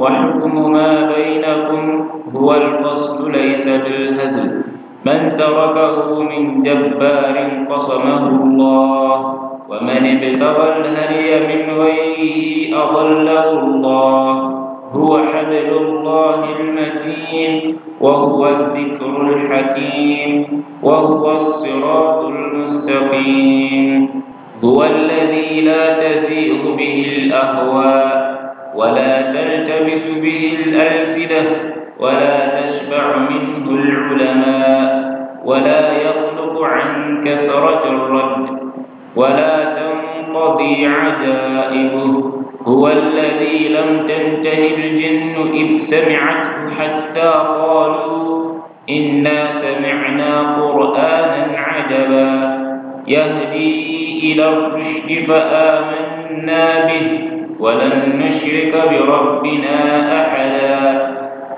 وحكم ما بينكم هو الفصل ليس بالهزل من تركه من جبار قصمه الله ومن ابتغى الهدي من غيره أضله الله هو حبل الله المتين وهو الذكر الحكيم وهو الصراط المستقيم هو الذي لا تزيغ به الأهواء ولا تلتبس به الألسنة ولا تشبع منه العلماء ولا يخلق عن كثرة الرد ولا تنقضي عجائبه هو الذي لم تنته الجن إذ سمعته حتى قالوا إنا سمعنا قرآنا عجبا يهدي إلى الرشد فآمنا به ولن نشرك بربنا أحدا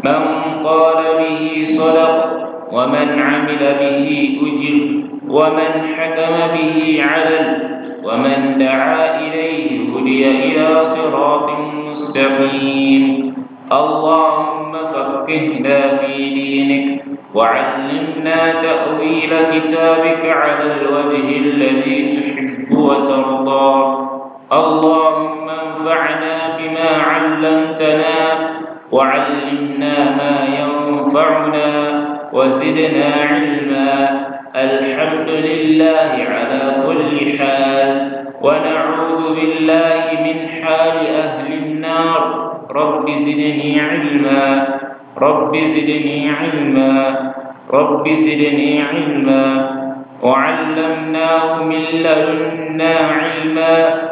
من قال به صدق ومن عمل به أجر ومن حكم به عدل ومن دعا إليه هدي إلى صراط مستقيم اللهم فقهنا في دينك وعلمنا تأويل كتابك على الوجه الذي تحب وترضى اللهم انفعنا بما علمتنا وعلمنا ما ينفعنا وزدنا علما الحمد لله على كل حال ونعوذ بالله من حال أهل النار رب زدني علما رب زدني علما رب زدني علما وعلمناه من لدنا علما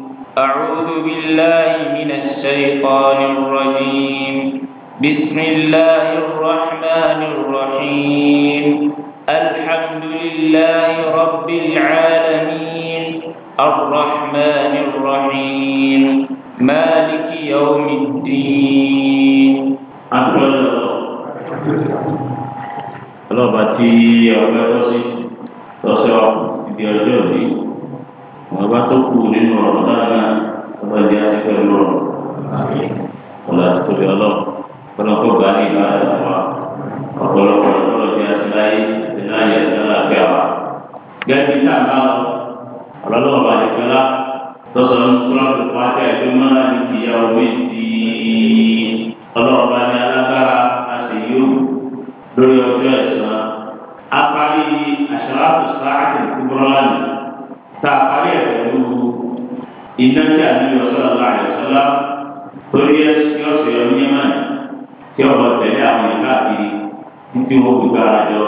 أعوذ بالله من الشيطان الرجيم بسم الله الرحمن الرحيم الحمد لله رب العالمين الرحمن الرحيم مالك يوم الدين الله tí ọgbẹ́ tó sí bàbá tó kù nínú ọ̀rọ̀ náà ọba ìdí àtúfẹ́ lọ́rọ̀ ọ̀la tóbi ọlọ́run kọ́nà kó gbà ní ìlú àyà wa ọ̀pọ̀lọpọ̀ ọ̀rọ̀ ìdí àtúláyé ìlú àyà ìlú àfẹ́ wa. gẹ́gẹ́ bí àbá ọ̀lọ́lọ́wọ́ bá ti fẹ́ lá tọ́sọ̀ ní kúrọ́ọ̀tù pàṣẹ ìgbìmọ̀ láti fi ìyàwó méjì ọlọ́wọ́ bá ní alágbára àṣeyí lórí ọjọ́ ẹ̀sán apárí àṣàlá tá a parí ẹ̀ pẹ̀lú iná tí a ní ọ̀sọ́lá àyọ̀sọ́lá torí ẹ̀sìn ọ̀sẹ̀ ọ̀ní ẹ̀mà tí ọ̀rọ̀ tẹ̀lé àwọn ẹ̀ káàkiri títí wọn kò gbára jọ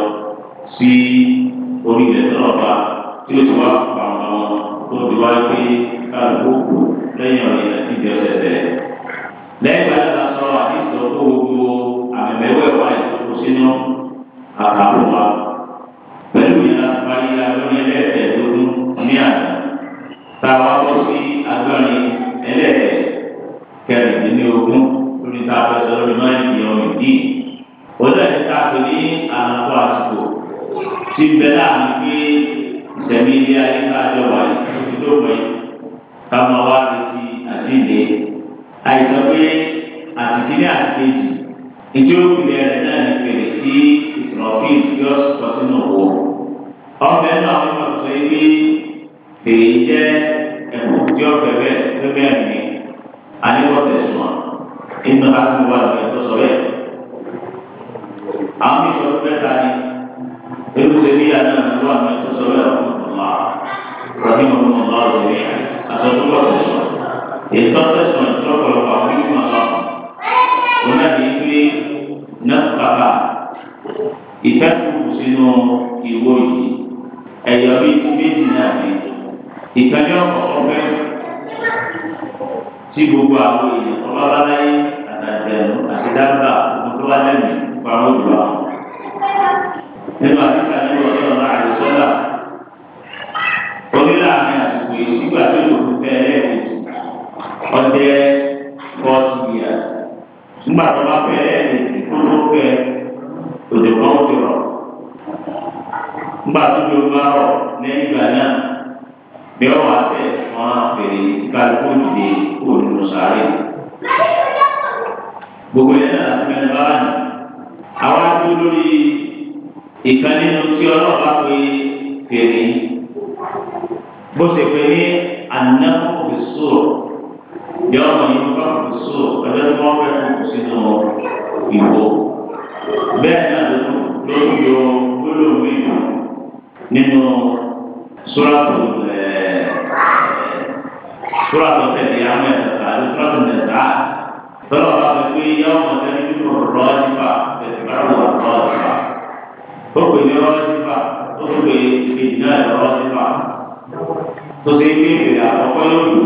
sí orí ilẹ̀ tọ́lọ́ba tí ó ti wá pàmò àwọn tó ti wá pé káàkó kù lẹ́yìn ọ̀rẹ́ ìlẹ̀ tí ìdí ọ̀sẹ̀ tẹ̀ lẹ́yìn bá yàrá sọ àdìsọ tó gbogbo àmẹ̀mẹ̀wẹ̀ wà ìtòkò sínú àkàkùn ní àná táwa bọ́ sí agbọ́nrin ẹlẹ́ẹ̀kẹ́ kẹrìndínlógún lórí táwa sọ lórí máa ń di ọmọ ìdí. ó lẹ́yìn táà pé ní àlàfo àsìkò tí bẹ́ẹ̀ láàrin ayé ẹ̀ka àdúgbò nẹ̀ta tọ́lọ̀ bá fi pé yọ ọmọ tẹ́lẹ̀ nínú rọ́ọ̀dìfà ẹ̀sìnkárò rọ́ọ̀dìfà ó pè ní rọ́ọ̀dìfà ó tún pè ìkejì náà ní rọ́ọ̀dìfà tó ṣe é pé èrè àkọ́kọ́ yóò lò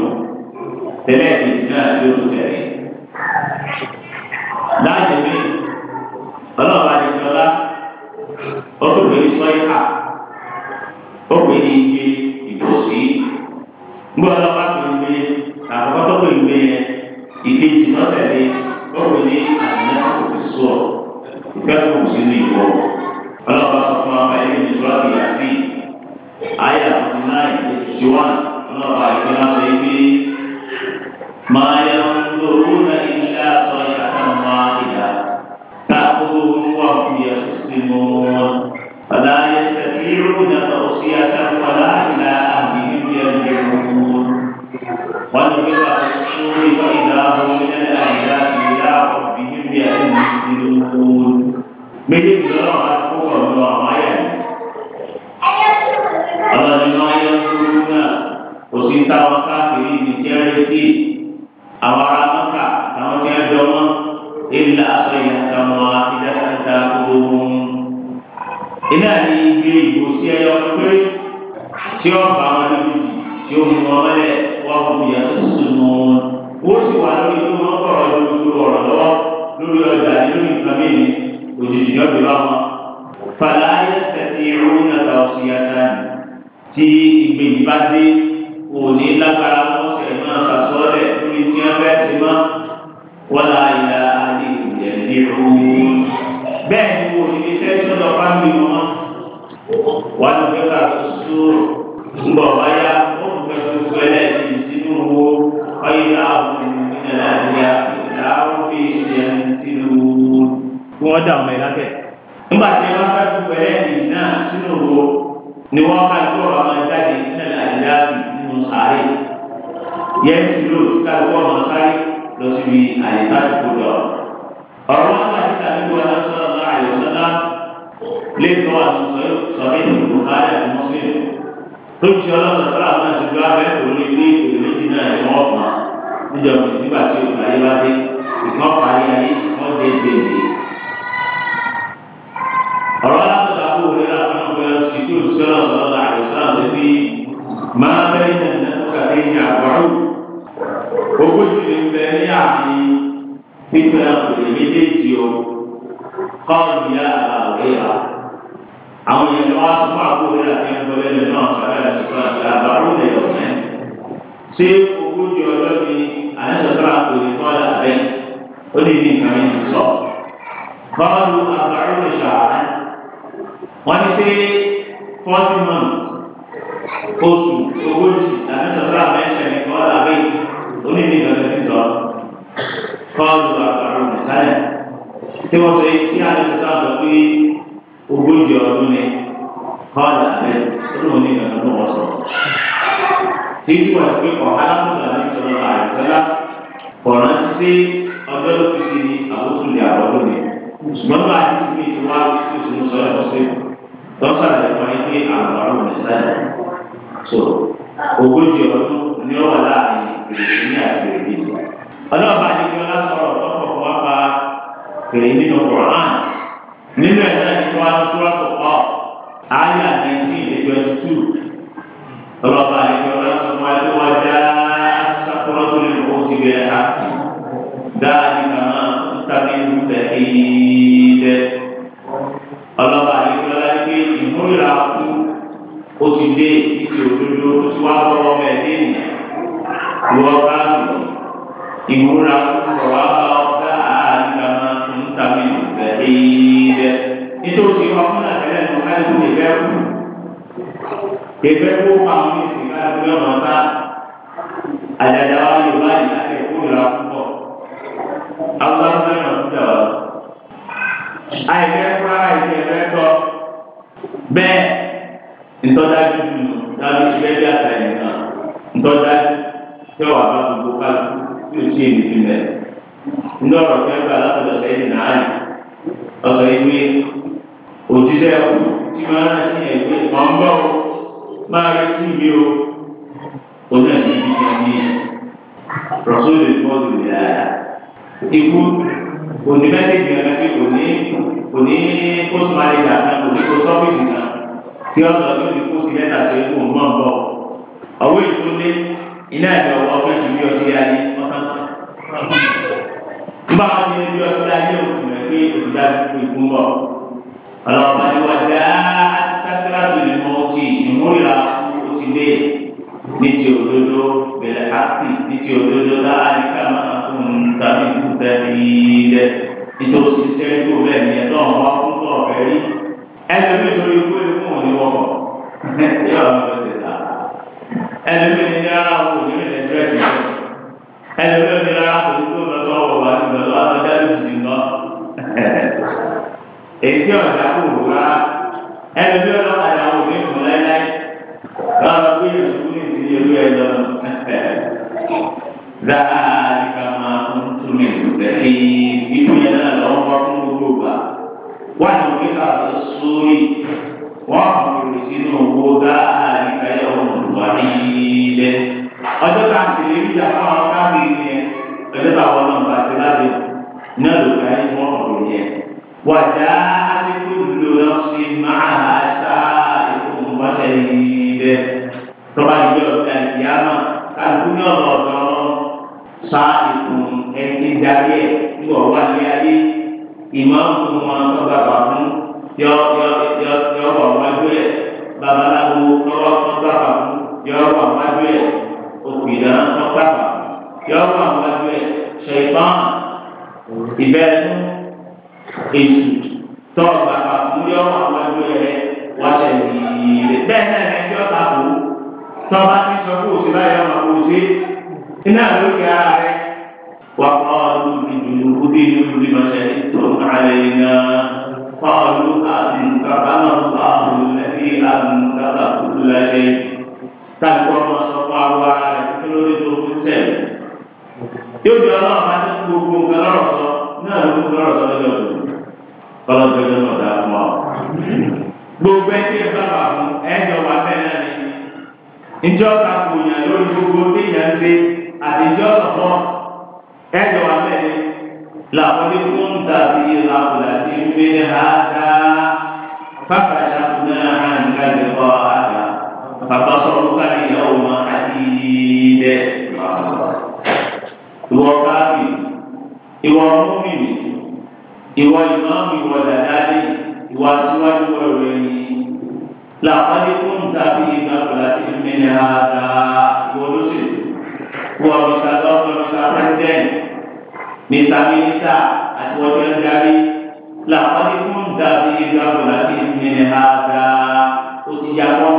tẹ́lẹ̀ ìkejì náà yóò lò tẹ̀lé. láti mi ọlọ́ọ̀bá ti jọlá ó tún pè ní sọ́yà ó pè ní ike ìbòsí gbọ́dọ̀ bá pè àkọ́kọ́ tó pè gbé yẹn ìkejì lọ́tẹ̀lé bọ́ọ̀lù ní àná òfìsù ọ̀ ìfẹ́ kò sí ní ìwọ. ọlọ́pàá sọ fún ọmọ ẹni ní sọ́ọ̀tì àti àyà fún náì ètùtù wà ọlọ́pàá ìfẹ́ náà sọ pé máa yẹ lóru náà ilé àtọ ìyàtọ̀ máa ìyá táàkó wà fún yẹ sísè mọ́ wọn. méjèèjì lọ́wọ́ àti kókò lọ àwọn ayé rẹ̀. ọlọ́dúnrún ayé ń kúrú náà kò sí táwọn káàkiri ibi tí a retí àwọn ará mọ́kà táwọn tí a jọ mọ́ ilé aṣọ ìyàtọ̀ wọn ìdákàtà gbogbo wọn. iná ní ibi ìbò sí ẹyọ pé tí ó bá òjijì náà ti bá wọn. fàlàyé tẹ̀sí irun náà ta ọ̀sùn yàtá ni tí ìgbèjì bá dé òní lágbára lọ́sẹ̀ máa sàsọ́ọ̀lẹ̀ lórí tí wọ́n fẹ́ ti mọ́ wọ́n ìlà àdé ìjẹ̀lẹ̀ bẹ́ẹ̀ ni wọ́n dà ọmọ ìlàkẹ́ nígbà tí wọ́n fẹ́ fún pẹ̀lẹ́ ìdì náà sínú òwò ni wọ́n kà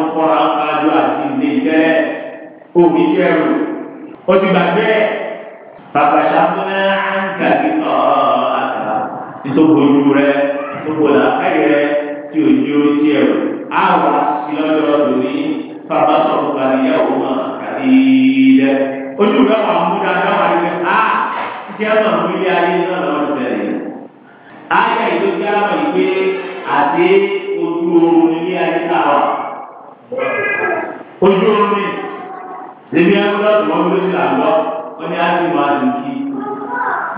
ń kọ́ra ṣáájú àti ilé iṣẹ́ òbí tí ẹrù ó ti gbàgbé pàpàṣà tó ní àǹkà kíkọ́ àkà ìtòkòjú rẹ ìtòkòlà káyẹ rẹ tí ò ní orí tí ẹrù á wà sí lọ́jọ́ lórí bàbá sọ̀rọ̀ kàlíyà òun àkàlí ilẹ̀ ojú rẹ wà mú dáadáa wà ní ká tí a máa mú ilé ayé náà lọ́wọ́ ti bẹ̀rẹ̀ ayé ìlú àwọn ìgbé àti ojú oorun ilé ayé náà wà ojú omi lèmi ẹgbẹ́ ọ̀dùnmọ́ ló ti là ń lọ ó ní àdìmọ́ àdìmọ́kì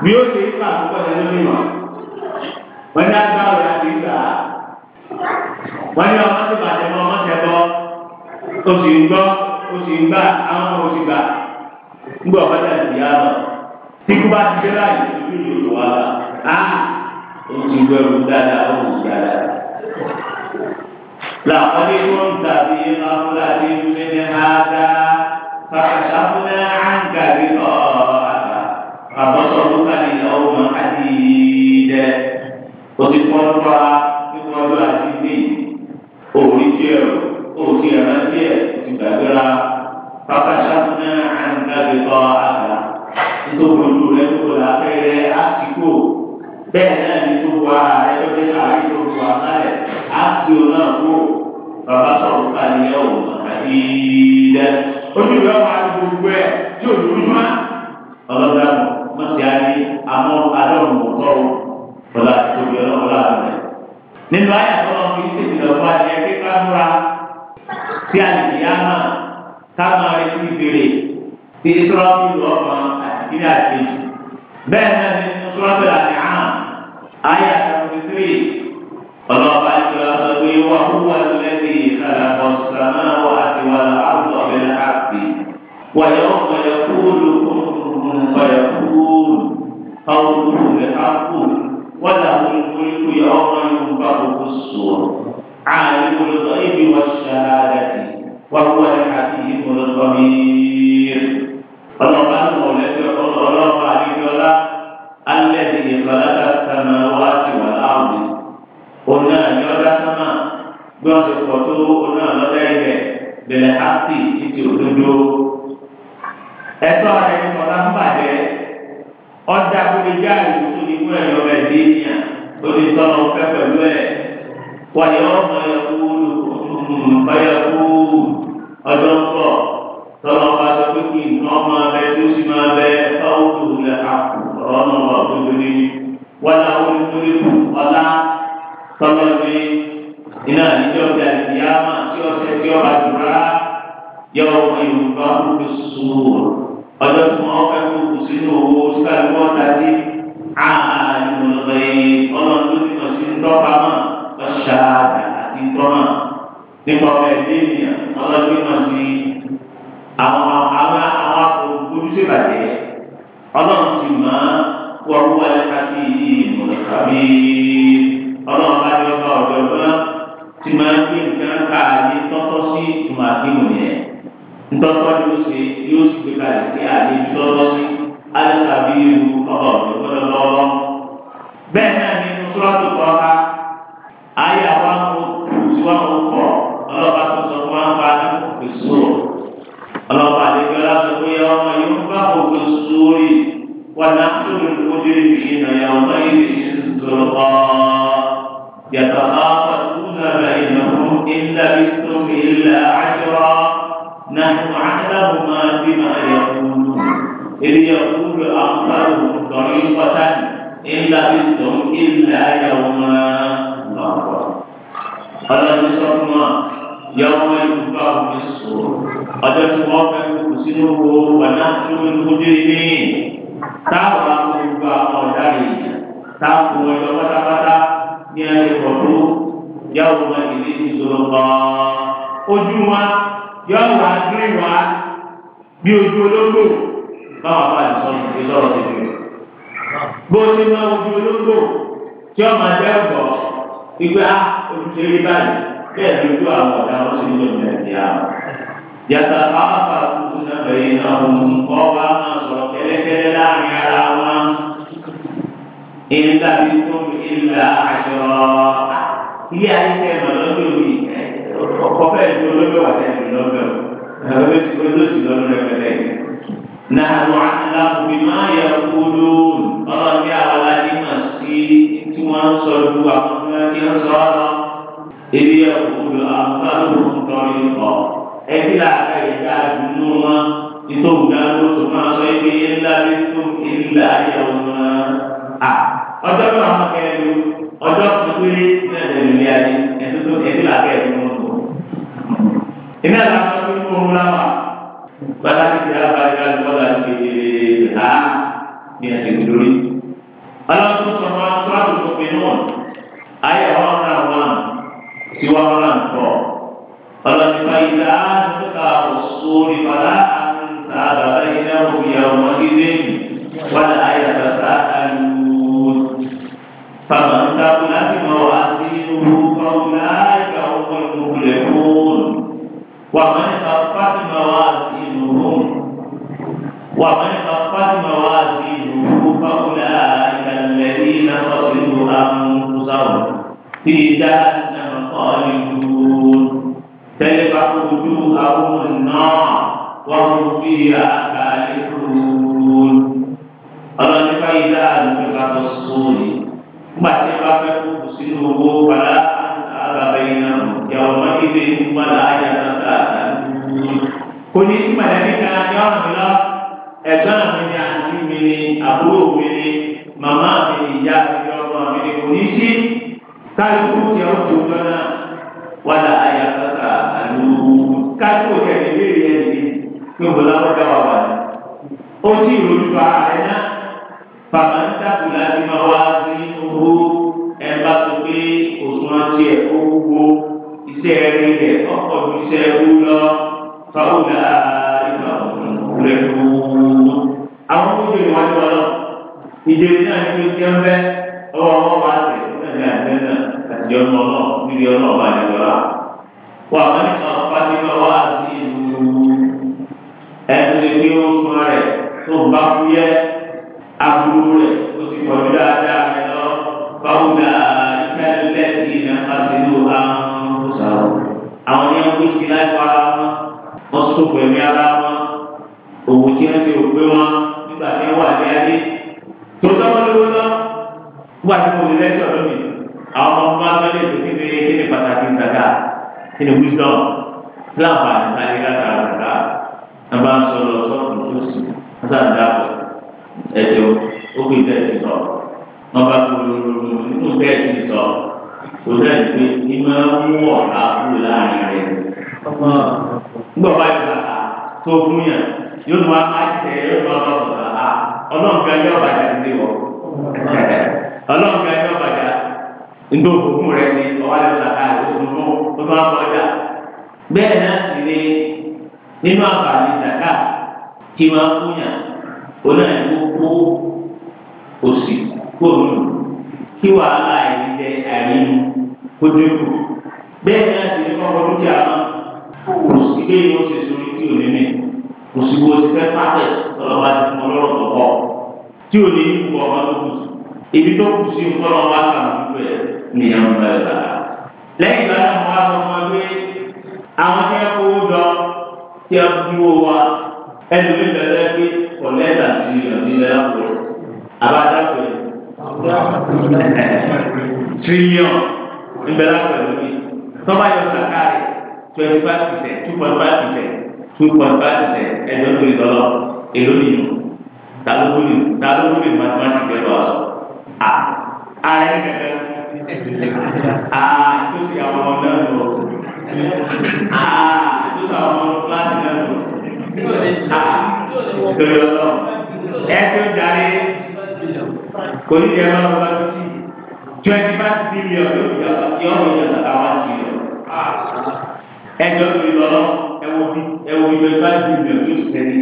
bí ó ṣe ń kà tó kọ́ni ló mímọ́ wọ́n ní agbára rẹ̀ àti ìgbà wọ́n ní ọmọ ti bàjẹ́ mọ́ ọmọ tẹ̀bọ́ ó sì ń gbọ́ ó sì ń gbà àwọn ọmọ òsì gbà ń gbọ́ ọ̀bọ̀dà ìyá lọ tí kú bá ti dé báyìí ojú ìlú wà á ó ti gbọ́ ẹ̀rù dáadáa ó sì dáadáa. لقد كنت في غفلة من هذا فكشفنا عنك غطاءك فبصرك اليوم حديد وتقول níwájú àti ní òórí tí ẹ òótí ẹ̀rọ tí ẹ ti gbàgbéra pápáṣá fún àǹgáde bọ́ àgbà nítorí olú rẹ tó kọ lábẹ́rẹ́ àsìkò bẹ́ẹ̀ náà ní gbogbo ara rẹ tó dé sàárì tó gbogbo àkàlẹ̀ á ti o náà kú bàbá sọ̀rọ̀ ká ní ẹ̀ wò àti dẹ́ ojú ìwé ọ̀pá ti gbogbo ẹ̀ tí o dùn jùmọ̀ ọlọ́dà mọ̀ sí ayé àmọ́ adọ́rùn mọ̀ tọ́rọ ọ̀la tóbi ọlọ́wọ́ rẹ̀ nínú ayé àtọ́nà fún yìí tètè lọ́wọ́ adìyẹ pé ká múra sí àlìkìyàmà ká máa retí ìbéèrè tí ìsọ́lá fi lọ́ọ́ mọ àtìkírí bẹ́ẹ̀ náà ní sọ́lá bẹ̀rẹ̀ àti àmà. آية 73 الله عز وجل وهو الذي خلق السماوات والأرض بالحق ويوم يقول كن فيكون قوله بالحق وله الملك يوم ينفخ في الصور عالم الغيب والشهادة وهو الحكيم الخبير الله عز وجل الله عز وجل الذي خلق السماوات والأرض قلنا يرى سما بس قطو قلنا لديه بالحق يتوجدوا ẹ̀tọ́ rẹ ní kọlá ń bàjẹ́ ọjà kúlẹjà ìwòsàn ní fún ẹyọ rẹ déèyàn lórí tọnà ọfẹ pẹ̀lú ẹ wàyẹ ọmọ ẹkú olùkọyẹkú ọjọ́ ń bọ̀ tọnà ọba sọ pé kí nǹkan ọmọ rẹ tó sì máa bẹ fáwọn olùkọ lẹ àpò ọlọ́run wà gbogbo ní wàlá onítorí kù ọlá tọ́lọ́ ní iná àdìjọ́ ti àdìyá máa tí ọ̀sẹ̀ tí ọba jù rárá yọ ọmọ yorùbá kúkú sùúrù ọjọ́ tí wọ́n fẹ́ kúkú sínú owó síbà tí wọ́n ta sí àìmọ̀lẹ́ ọlọ́run ló ti mọ̀ sí ntọ́pamọ́ ọ̀ṣáàdà àti ntọ́mọ́ nípa ọ̀rẹ́ ẹ̀dẹ́nìyàn ọlọ́run ló ti mọ̀ sí àwọn àwọn àwọn akọ̀ọ̀gbọ́n ọlọ́run ti mọ̀ án wọ́wọ́ ẹ̀ka sí ìmọ̀lẹ́kàbí ọlọ́run bá yọ ọba ọ̀dọ́gbọ́n ti máa ń gbé nǹkan ká ayé tọ́tọ́ sí ìtumọ̀ àdéhùn yẹn ntọ́tọ́ yóò ṣe yóò sì gbé kalẹ̀ sí ayé tọ́tọ́ sí alẹ́kàbí irú ọba ọ̀dọ́gbọ́n lọ́wọ́ bẹ́ẹ̀ náà ni mùsùlùmí kọ́ ayé àwọn òṣùwọ̀n kọ̀ ọlọ́ba tó sọ fún wa ń ونحن المجرمين يومئذ زرقا يتخافتون بينهم إن لبثتم إلا عشرا نحن أعلم ما بما يقولون إذ يقول أمثالهم طريقة إن لبثتم إلا يوما قال نصرنا يوم ينفع في الصور قد توافق سنه ونحن المجرمين táwọn gbogbo àwọn ọ̀daràn èèyàn táwọn ọmọ ẹ̀yọ pátápátá ní ẹni pọ̀ tó yàwó wọn di ìṣòro kan ojú wa yọ̀ọ́ wá gírí wa bí ojú olóńgbò báwa bá ti sọ ìdí lọ́rọ̀ tètè bó ti máa ojú olóńgbò tí ọmọ ẹgbẹ́ ọ̀gbọ̀ ìgbà ah, ojúṣe rí báyìí bẹ́ẹ̀ lójú àwọn ọ̀daràn ó sì ń lò ní ẹ̀dí àwọn yàtọ̀ àbá kúkúnà bẹ̀yìn náà òun kọ́ bá máa sọ̀rọ̀ kẹ́lẹ́kẹ́lẹ́ láàrin ara wọn. ìlà bí tó ìlà àṣọ ilé ayé tẹ̀ mọ̀ lọ́jọ́ mi ọkọ̀ bẹ́ẹ̀ ni olóyè wà tẹ̀ mí lọ́jọ́ olóṣì lọ́dún rẹpẹtẹ. Nàánú àtàlàkù bí máa yẹ kúló ọ̀rọ̀ ní àwọn anímọ̀ sí tí wọ́n ń sọ ju àwọn tí wọ́n sọ ọ́ lọ. Ebi yẹ kúló àwọn bá lóun tọ́ ní ọ̀ ẹbí làákà ìjà àdúgbò wọn ìtòwù náà ló tó máa sọ ibi ńlá bí tó ìlà ayẹwo náà. à ọjọ́ náà wọn kẹ́ ẹ̀rú ọjọ́ pípéré náà lẹ́nu ilé ayé ẹ̀dùn tó ẹbí làákà ẹ̀dùn wọn tó. ìní àlá wọn fi kó wọn láwà bàtà ti di abájá lọ́la ti ha ní ẹ̀sìn lórí. ọlọ́run tó sọ̀rọ̀ sọ́ọ́dún tó pinnu ayé ọ̀rọ̀ náà wà sí wàhálà ń فلن فإذا نفق الصور فلا أنساب بينهم يومئذ ولا يتساءلون فمن ثقلت موازينه فأولئك هم المفلحون ومن خفت موازينهم ومن خفت موازينه فأولئك الذين خسروا أنفسهم في جهنم خالدون tẹ́lifà ojú àwọn náà wọ́n fi àkàlẹ́ kúrúurú. ọlọ́ni báyìí láàrin nípa tó sóòlì nígbà tí wọ́n fẹ́ kó kù sínú owó padà àbàbẹ̀ iná yàwó mọ́kìdé nígbà láàyè àtàtà àtàlù. kò ní sí mọ̀lẹ́bí kan yọ ọ̀nà mi lọ ẹ̀gbọ́n mi ni àǹtí mi ni àbúrò mi ni màmá mi ni ìyá mi ni ọmọ mi ni kò ní sí táyì kúrú tí ó jọ náà wàdà. ó sì rojú ba rẹ̀ náà bàbá ń dàbò láti máa wá sí owó ẹ bá sọ pé òṣùwọ̀n tiẹ̀ ó wúwo iṣẹ́ rẹ̀ ọkọ̀ ju iṣẹ́ wú lọ fáwọn ìgbà rẹ̀ lóòó. àwọn tó jẹ́ ìwájú ọlọ́ ìjẹ́ náà ní kí n jẹ́ ń bẹ́ ọwọ́ ọmọ wa tẹ̀ ní àgbẹ̀ náà àti ọmọ náà níbi ọmọ ọba ìjọba. wà á ní sọ fásitì wá sí ìlú ẹ̀ tó ṣe pé ó bá kú yẹ aburú rẹ̀ ó ti pọ̀ ju dáadáa rẹ̀ lọ báwùdà ìkẹ́lẹ́ ti ní akásílò àwọn ọ̀sán àwọn ní ẹ̀kú sí láì para wọn wọ́n sọ̀kò ẹ̀mí ara wọn òwò tí wọ́n ti rò pé wọn nígbà tí wọ́n wà ní ayé tó sọ́wọ́n lówó lọ wọ́n àti mo lè lẹ́sọ̀ lónìí àwọn ọmọ ọmọ abẹ́lé tó ti fi kí ni pàtàkì ìtàgà kí ni wisdom láǹfààní láyé látara ìtàgà ẹ bá ń sọ lọ sọ sáàdá ẹjọ ó fi bẹ́ẹ̀ sọ wọn bá kú lóru nínú bẹ́ẹ̀ ti sọ kò sẹ́ni pé ní máa ń mú ọ̀rá kúrò láàrin rẹ̀ nígbà bá yọ bàtà tó fún yàn yóò tún wá tẹ yóò máa bọ̀ bàtà ọlọ́ọ̀gá yóò bàjá sí wọ ọlọ́ọ̀gá yóò bàjá nítorí òkú rẹ ni ọwọ́ àti bàtà ìwòsàn fún tó bá kọjá bẹ́ẹ̀ náà sì ni nínú àǹfààní kí máa fún yàn ó náà ní kó òsì kó nù kí wàhálà àìríjẹ àìrínu kó dínkù bẹ́ẹ̀ náà sì ní kọ́kọ́ dúkìá náà kò sí bẹ́ẹ̀ ni ó ṣe sórí tí ò ní mí kò sí bó ṣe fẹ́ pàtẹ́ ọlọ́ba ti fún ọlọ́rọ̀ tó pọ̀ tí ò ní kú ọmọ tó kù sí ibi tó kù sí nǹkan ọmọ àtàwọn ìlú ẹ̀ ní ẹ̀rọ ẹ̀ bá lẹ́yìn ìgbà náà mo wá sọ fún ọ pé àwọn tí wọ́n kówó jọ tí wọ́n fi wó ẹlòmí bẹ̀rẹ̀ pé kọ̀lẹ́tà ti yọ̀dí lẹ́la pọ̀ abájáfẹ́ tírílíọ̀n ìbẹ̀rẹ̀ pẹ̀lú mi tọ́ba yọ sàkà rẹ̀ twenty five percent two point five percent two point five percent ẹ̀jọ̀ lórí lọ́lọ́ èló nìyó talóbólì talóbólì mathematics ẹ̀rọ ọ̀sọ̀ ààrẹ gẹ́gẹ́ àà ìtòsí àwọn ọmọ náà lọ àà ìtòsí àwọn ọmọ kíláàsì náà lọ torí ọlọ́run ẹ tó darí kò ní jẹ́ lọ́wọ́ bá tó ti twenty five billion ló fi ọ̀sán tí ọ̀rọ̀ yẹn lọ́ta wá sí i ẹ jọ lórí lọ́lọ́ ẹ wo bí ẹ wo bí twenty five billion tó ti tẹ̀lé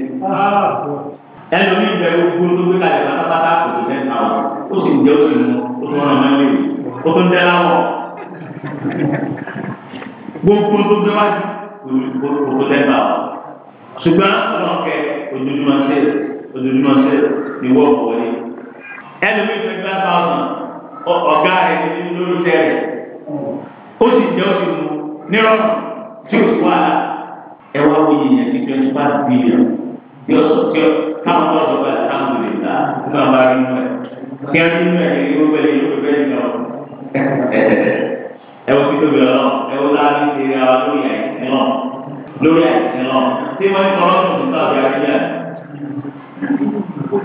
ẹ lọ ní ìbẹ̀rù gbogbo tó gbé kalẹ̀ pátápátá kò tó tẹ̀ àwọn ó sì ń jẹ́ wájú kò tó tẹ̀ bá ṣùgbọ́n ọlọ́kẹ́ ojoojúmọ́ sí ojoojúmọ́ sí ìwọ ọ̀pọ̀lẹ́ ẹlòmí ìfẹ́gbẹ́ àbáwọn ọ̀gá rẹ̀ ní lórí iṣẹ́ rẹ̀ ó sì jẹ́ ó sì mú nírọ̀rùn tí ó sì wà á ẹ wá wo yìnyín sí twenty five billion tí ó sọ tí ó káwọn náà sọ pé àtàwọn lè ta nígbà bá rí inú ẹ kí á rí inú ẹ yóò bẹ̀rẹ̀ yóò bẹ̀rẹ̀ lọ ẹ wọ́n ti tóbi ọlọ́run ẹ wọ́n láàrin ṣe ara lórí ẹ̀ lórí àìsàn lọ tí wọ́n ń kọ́ lọ́sùn nípa ọ̀gá ilé ẹ̀.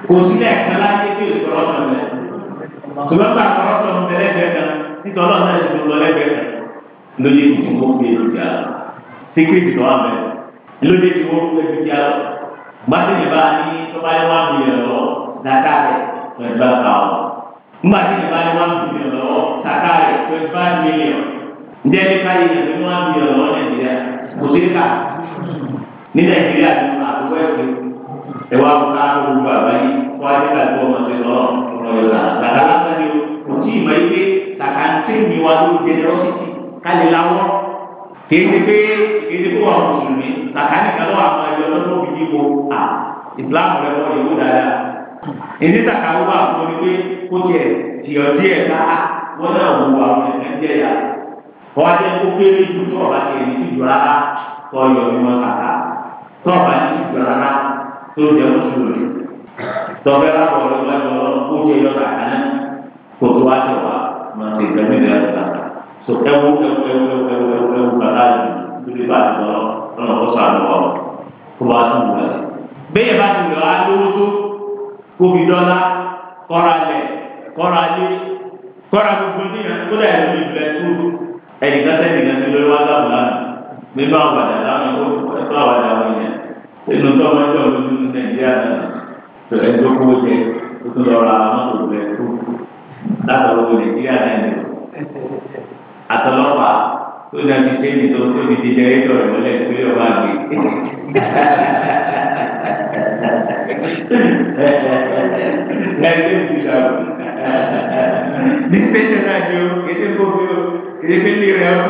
kò sílẹ̀ kan láti fi ìkọ́ lọ́sùn rẹ̀. ṣùgbọ́n bá àkọ́ lọ́sùn rẹ̀ lẹ́gbẹ̀ẹ́ kan nítorí ọ̀nà ìṣòro lọ lẹ́gbẹ̀ẹ́ kan lóye kò tó gbé ìjà lọ. síkírìtì tó wà mẹ́rin lóye kò tó gbé ìjà lọ. gbàtí ìbá ní tó bá yẹ wọ́n bìyàn lọ zakarẹ̀ twenty five thousand. gbàtí ìbá ní wọ́n bìyàn lọ zakarẹ̀ twenty five million. ǹjẹ́ ní káyé ìyàtọ̀ ní wọ́n bìyàn lọ Nàìjíríà kò sí ká ní nàìjíríà ní àdúgbò ẹ̀sìn ẹ̀wà òkà gbogbo àgbáyé kó ajé kàdú ọmọ sí lọ ọ̀rọ̀ ìlà gbàdá lásán ni kò tí ì mọ̀ ilé kàkà ń tẹ̀ mí wa lórí generosity kálí láwọ́ kì í ṣe pé kì í ṣe pé wà mùsùlùmí kàkà nìkan lọ́wọ́ àwọn ẹ̀yọ́ lọ́dún òbí yìí kó à ìsìláàmù rẹ̀ wọ́n yóò dáadáa èdè kàkà wà fún mi kọ́ ajẹ́ kó kéré ju tó ọba kéré ní ìjọ rárá kọ́ yọ mímọ́ sàkà tó ọba ní ìjọ rárá tó jẹ́ mùsùlùmí tọ́fẹ́ rábọ̀ lọ́wọ́ ọlọ́run kó jẹ́ yọ sàkà náà kó tó wá jọ wá mọ̀ sí ìgbẹ́mí rẹ̀ sàkà so ẹwu ẹwu ẹwu ẹwu ẹwu ẹwu ẹwu bàtà yìí níbi bá ti lọ lọ́nà kó sàánù wọ̀ kó bá tún wù lẹ́sẹ̀. bẹ́ẹ̀ bá ti lọ alówó tó kóbi dọ́là kọ́ra lẹ̀ kọ́ra kó ẹnì kan sẹ́ni kan ti lórí wákàtí lánàá nínú àwàdà lánàá ó ẹ̀kọ́ àwàdà wọn yẹn nínú tọ́mọ ẹjọ́ lójú ní nàìjíríà náà tẹ̀lé tó kó jẹ ó tún lọ ra mọ́tò rẹ̀ tó látọ̀rọ̀ wọ nàìjíríà náà ni àtọlọ́pàá tó ní àti sẹ́ni tó tó ti di jẹ́ rẹ̀ mọ́lẹ̀ ìpínlẹ̀ ọ̀bá gbé. Ẹgbẹ́ ti sọ̀rọ̀. Ní pẹ́sẹ̀ náà ni o, kéde kóbi o, kéde pẹ́lí rẹ o.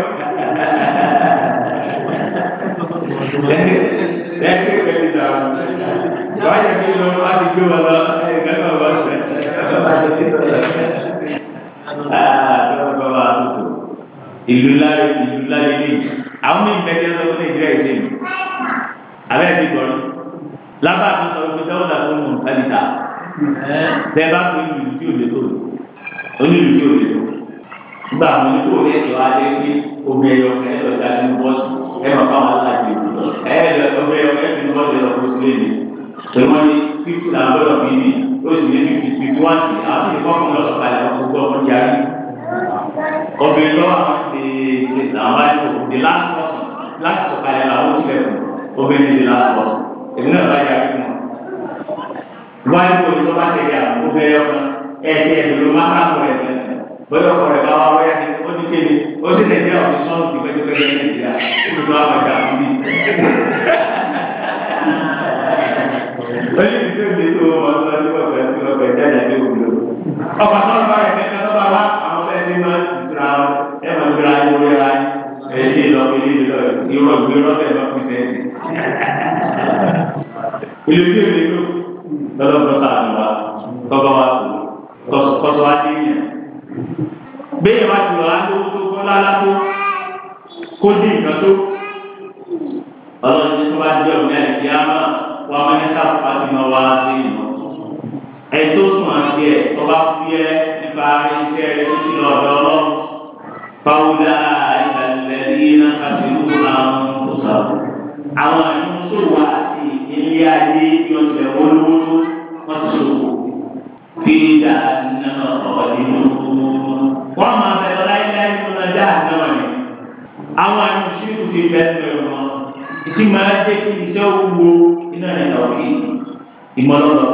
Ẹgbẹ́ ìgbẹ́ ti sọ̀rọ̀. Wáyé mi lọ, wá ti gbé wọn lọ, ẹ̀ka náà wọ́n sẹ̀, ẹ̀ka náà wọ́n sẹ̀. Àà, ọ̀gá wa tó. Ìlú bẹ́ẹ̀ bá fi ìlú tí ò lè tó onílù tí ò lè tó nígbà àwọn onílù ò lè tó adé pé omi ẹyọ ẹ lọ da nínú bọ́ọ̀sì ẹ máa bá wọn láti ìlú ẹ lọ omi ẹyọ ẹ nínú bọ́ọ̀sì ẹ lọ kó sílé mi pẹ̀lú wọn ní fífi náà lọ́dọ̀ mi ní ó sì ní fífi fífi wá sí àwọn ìlú kọ́kọ́ lọ sọ́kà ẹ̀ lọ́kọ́ gbọ́ ọmọ yarí obìnrin lọ́wọ́ àwọn ti ti làwọn bá yẹ kó the last person last sọ̀kà ẹ̀ làwọn ó tilẹ̀ kù obìnrin the last person èmi náà bá yarí fún ọ wáyé kò tó bá tẹ̀lé àwọn ọmọ ẹ̀yọ́ kan ẹ̀sẹ̀ ìlú máa ń kọ̀ ẹ̀ bọ́yọ̀ ọkọ̀ rẹ̀ bá wá wáyà ni ó ti kéde ó ti tẹ̀lé àwọn sọ́ọ̀nù tó fẹ́ẹ́ tó fẹ́ẹ́ ní ìdíyà ó ti bá wọn jà fún mi. lẹ́yìn tó ti tó wọn lọ sí ọ̀pẹ sí ọ̀pẹ jáde ní òwúrọ̀. ọ̀pọ̀ sọ́ọ̀nù bá rẹ̀ kẹ́kẹ́ tó bá wá àwọn ẹni máa ń tura ẹ máa ń tura ayé orí ara ẹni ìlọ́pẹ́ ìlọ́pẹ́ ìrọ̀gbẹ́ ìrọ̀gbẹ́ ìrọ̀gbẹ́ lọ́lọ́pọ̀ sáàmù wa kọ́kọ́ wa kò kọ́sọ́ wa dé yẹn. béèyàn bá ti lọ́la tó tó kọ́ lálá tó kó dé ìgbà tó ọlọ́run tó bá jẹ́ òun náà kí á máa wà á ní sáà pàtó náà wá sí ìmọ̀. ẹ ilé ayé yọtẹ wọlọwọlọ wọn ti sọkò bí dáná ọdínú wọn máa bẹ lọ láyé láyé tó lọ dá àdáwà yẹn àwọn àyùn ṣírù ti bẹ ẹ wọn ìtì máa jẹ kí iṣẹ́ owó iná rẹ lọ rí ìmọlọlọ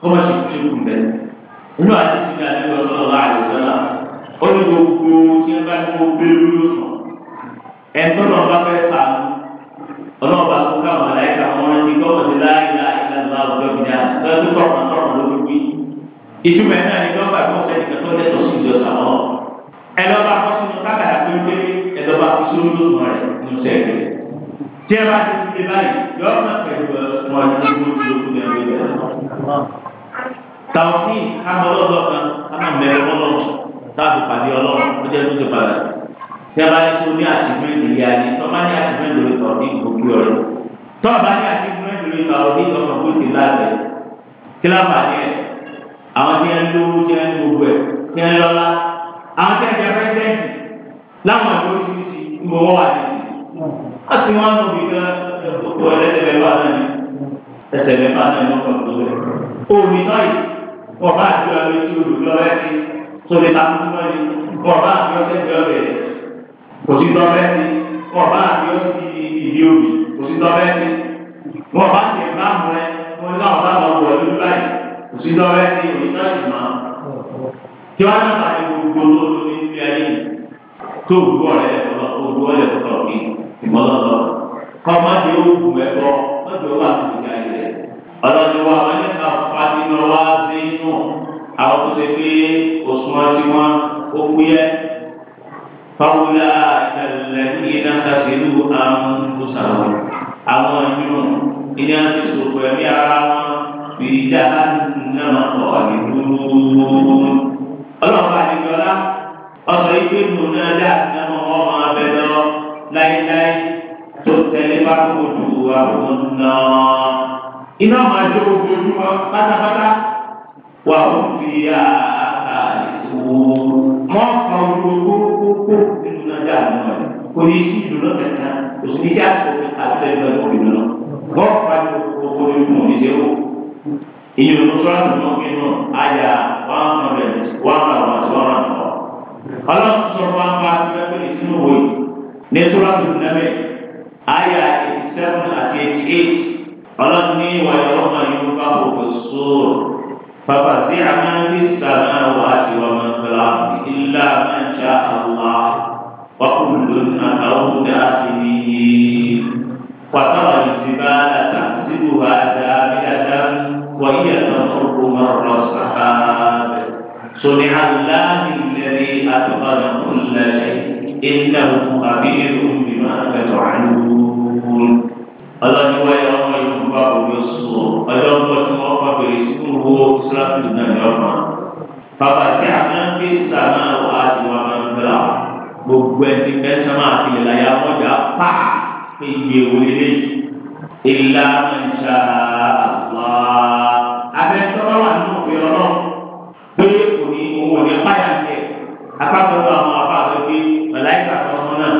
kọmọ sí ṣírù bẹ inú àti sinmi àti ọlọlọ wà àdìsọlá ó ní gbogbo tí wọn bá ní wọn gbé lórí òsàn ẹ tọ́lọ̀ bá fẹ́ sàánú ọlọ́ọ̀bà tó káwọn aláìka wọn ti gbọ́dọ̀ sí láàyè àìlànà àwùjọ gíga lọ́dún tọ̀rọ̀ tọ̀rọ̀ ló wí. ìtumọ̀ ẹ̀ náà ni lọ́ba tó ń sẹ́ni kẹtọ́ lẹ́tọ̀ sí ìjọsà wọn. ẹ lọ́ba kọ́ sínú kákàdá pé pé ẹ lọ́ba kọ́ sínú lóògùn rẹ̀ ní sẹ́ẹ̀kì. tí ẹ bá ti fi lè báyìí yọ ọ́ máa pẹ̀lú wọn ní gbogbo ìlókun ẹ̀ lóye. tàwọn tí a bá ní kó ní àtìmẹ́ǹtì yá ni tó bá ní àtìmẹ́ǹtì lórí tọ̀ ní gbogbo ọ̀rẹ́ tó bá ní àtìmẹ́ǹtì lórí tọ̀ ní ọ̀sán kó ti láàbẹ̀ kíláàbà ni ẹ̀ àwọn tí wọ́n lówó tí wọ́n gbogbo ẹ̀ tí wọ́n lọ́lá àwọn tí wọ́n jẹ́ pẹ́sidẹ́ǹtì láwọn ìlú oríṣiríṣi ń bọ̀ wà nìyí wọ́n sì wọ́n nù gan gbogbo ẹlẹ́sẹ̀ mẹ́fà náà ni ẹsẹ̀ mẹ́fà náà ni wọ́n kọ̀ omi náà yìí ọba àti ọ̀rẹ́ tí olùkọ́ rẹ̀ kò sí tọ́lẹ́ sí wọn bá àti ó sí ìdí òbí kò sí tọ́lẹ́ sí wọn bá ti ẹ̀fọ́ àmọ́ rẹ wọn ní káwọn bá wọn wọ̀ lórí báyìí kò sí tọ́lẹ́ sí òní náà sì máa kí wọn náà bàtí gbogbo tó lórí ilé ayé tó gbogbo ọ̀rẹ́ ẹ̀fọ́ gbogbo ọ̀rẹ́ ẹ̀fọ́ kí ìmọ̀lọ́lọ́ kọ́ má di oògùn ẹ̀fọ́ má di owó àti ìgbà ilẹ̀ ọlọ́ni wa فأولئك الذين خسروا أنفسهم àwọn ìyún ilé ń fi sòkò ẹ̀mí ara wọn fi dá náà pọ̀ nínú. ọlọ́pàá àdìgbọ́lá ọ̀sọ̀ ìgbé ìlú náà dá náà wọ́n máa bẹ lọ láíláí tó tẹ̀lé bá kó ju àwọn náà. iná máa jó ojoojúmọ́ pátápátá wà ó fi àkàlẹ̀ wò wọ́n kàn gbogbo kókó nínú nájà àná rẹ̀ kò ní sí ìdùnnú kankan kò sì ní sí àsìkò kankan àti ẹgbẹ́ ọmọ ìdùnnú wọ́n fà ní gbogbo nínú òní ṣe wò. ìyẹn ló sọ́ra tó náà kí nù àyà one hundred one thousand àti one hundred four. ọlọ́run sọ fún wa pé pẹ́pẹ́ ìsinú wò yìí ní sọ́ra tó nàbẹ̀ àyà eighty seven àti eighty eight ọlọ́run ní ìwà ìrọ̀mọ̀ yìí ń bá gbogbo sóòrò. ففزع من في السماوات ومن في الأرض إلا من شاء الله وكل أتوه داخلين وترى الجبال تحسبها جامدة وهي تمر مر السحاب صنع الله الذي أتقن كل شيء إنه خبير بما تفعلون ọlọ́niwọ̀ yẹ ọmọ ìlú bá omi sùn ọjọ́ ọgbọ́n tí wọ́n pa bèrè sí fún owó israfil náà yọ ọmọ. bàbá tí a máa ń gbé sàmà wà á ti wà máa ń gbéra gbogbo ẹni bẹ́ẹ̀ sàmà àfihàn láyà mọ́jà pa pé iye wọlé ìlà máa ń ṣá àlá. abẹ́tọ́lọ́ wà nínú òfin ọlọ́run pé kò ní owó ní páyà tẹ̀ apákan lọ àwọn àbá àgbẹ̀gbẹ̀ mọ̀láìkà kan náà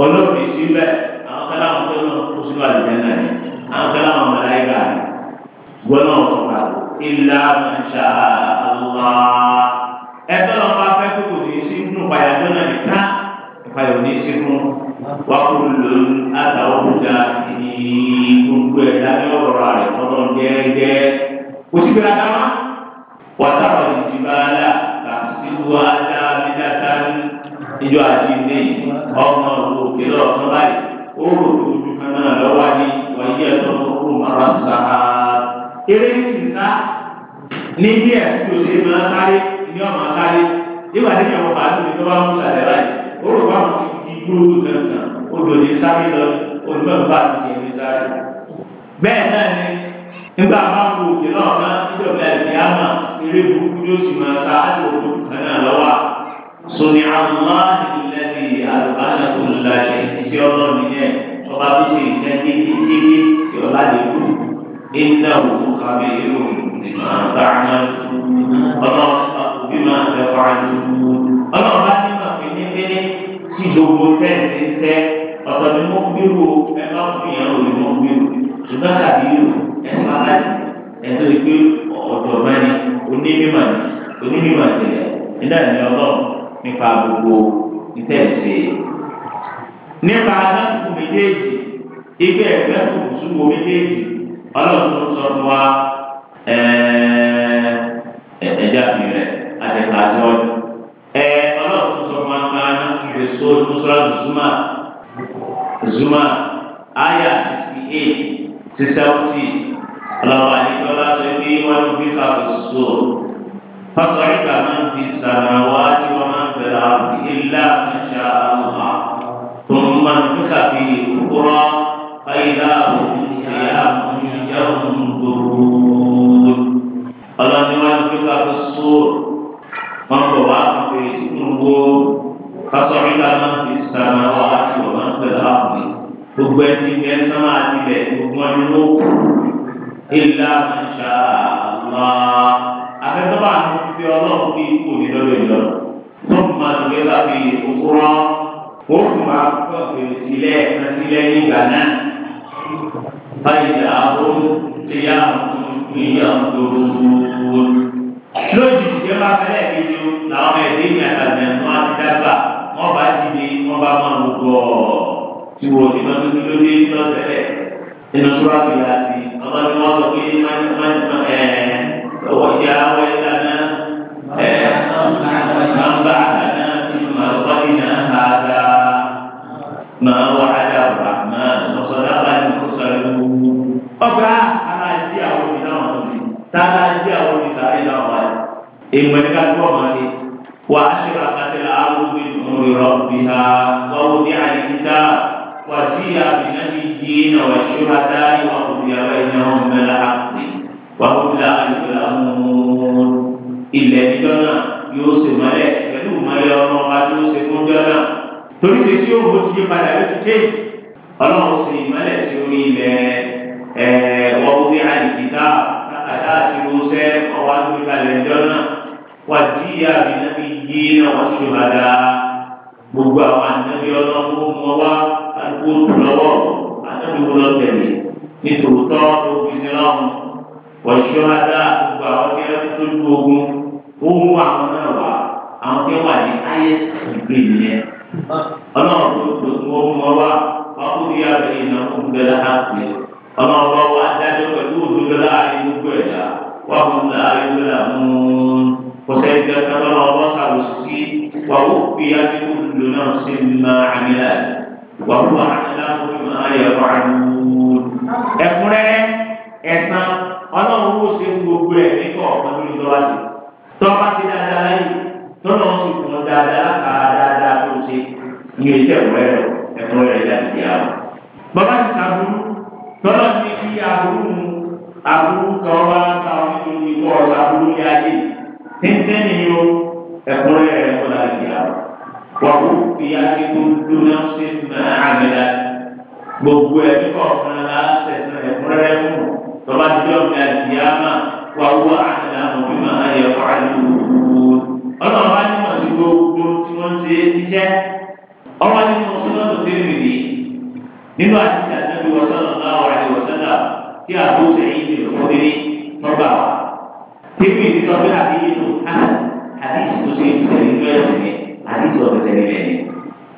olóòfin síbẹ̀ àwọn kọ́lá àwọn tó ń tó àlùjá náà ni àwọn kan láwọn mọ̀láyíkà ni gbọ́nà ọ̀tọ̀ta ìlà àmàṣà àlùwà ẹ̀tọ́ lọ bá fẹ́ kókò ní sí fún ìpayà tó náà ní ká ìpayà ò ní sí fún wákòló àtàwọn òkúta ní gbogbo ẹ̀dá ní ọ̀rọ̀ rẹ̀ tọ́lọ́ gẹ́gẹ́ kò sí gbéra dáná wàtàwọn ìdìbàlà kàṣíwá dáadáa ìjọ àti ilé ọmọ òkè lọ́ọ̀kan báyìí ó rò tó ojú kan náà lọ́wọ́ ní wàyí ẹ̀tọ́ kúrò mọ́ra sáà. eré sísá ní bí ẹ̀ tí o ṣe máa sáré ní ọmọ sáré nígbà tí ìyàwó bá tóbi tó bá mú sàlẹ̀ báyìí ó rò wá ti di gbóòdù kankan odò ní sáré lọ olùmọ̀gbà ti ní sáré. bẹ́ẹ̀ náà ni nígbà máa ń wo òkè náà náà níjọba ìyá náà eré burúkú yóò sì máa sá àti òkú kan náà lọ́wọ́ sori aláhi lẹ́bi alùpàdé olùlà ìṣe ọlọ́ọ̀ni yẹn tọ́ba tó ṣe nǹkan kékeré tí ọlá lè kú ẹ̀ńdà òkú kàbí irú ìmọ̀ àgbàna ọlọ́ọ̀ta òbí máa fẹ́ fàájú. ọlọ́ọ̀bá ní màfin ní kéde tí gbogbo tẹ́ǹtì ń tẹ́ ọ̀tọ̀ ni mo gbèrò ẹ bá fún ìyá òní mo gbèrò ṣùgbọ́n kàbí irú ẹ̀sìn aláì ẹ̀sìn ìgbé nípa gbogbo ìtẹ̀sí. nípa adágún méjèèjì ibi ẹ̀gbẹ́ kùsùnwó méjèèjì ọlọ́run tó sọ fún wa ẹ̀ẹ́dẹ́gbẹ́ àfihàn àtẹ̀kà àti ọdún. ọlọ́run tó sọ fún wa nípa adágún ìgbé sóòlù mùsùlùmí zuma zuma aya sixty eight sí seventy ọlọ́run àyíkọ́lá sọ pé wọ́n ń bí kàkó sóòlù. فصعد من في السماوات ومن في الأرض إلا ما شاء الله ثم انفخ فيه أخرى فإذا هم قيام ينظرون الله ينفخ في الصور من بواق في النبور فصعد من في السماوات ومن في الأرض gbogbo ẹtì ń bẹ sọmọ àti bẹ gbogbo ọdún ló kù ilé àmàṣà máa àfẹ́sọ́bà àti títí ọlọ́run kí ikú ní lọ́dọ̀ ìlọ sọ́kùnmá ìwé bá fi òkúrọ́ òkùnmá pọ̀pẹ̀ sílẹ̀ ẹ̀ka sílẹ̀ nígbà náà báyìí àbó ti yá ìyá òdòdó lójijì tí ó bá fẹ́lẹ̀ kejì làwọn ẹ̀dẹ́ ní àtàlẹ̀ tó á ti dàgbà wọ́n bá dìde wọ́n bá máa ń gbọ́ tí wọ́n ti lọ́dún kí ló dé lọ́sẹ̀lẹ̀ inú súrà fìyà sí ti yá sí gbogbo náà ṣe máa àmìlà gbogbo ẹni kọ̀ọ̀kan láṣẹ náà ẹ̀kúnrẹ́rẹ́ mú tọ́ba ti dọ̀ ní àdìyámà wà wọ́ àmìlà òbí máa yẹ kọ́ àdìyàwó. ọlọ́run bá ní màsí gbogbo tí wọ́n ń ṣe iṣẹ́ ọlọ́run bá ní màsí lọ́dọ̀ tẹ́lẹ̀ rí nínú àdìsí àdìsí wọ́sán náà wà ní wọ́sán náà tí àbúṣe yìí ti lọ́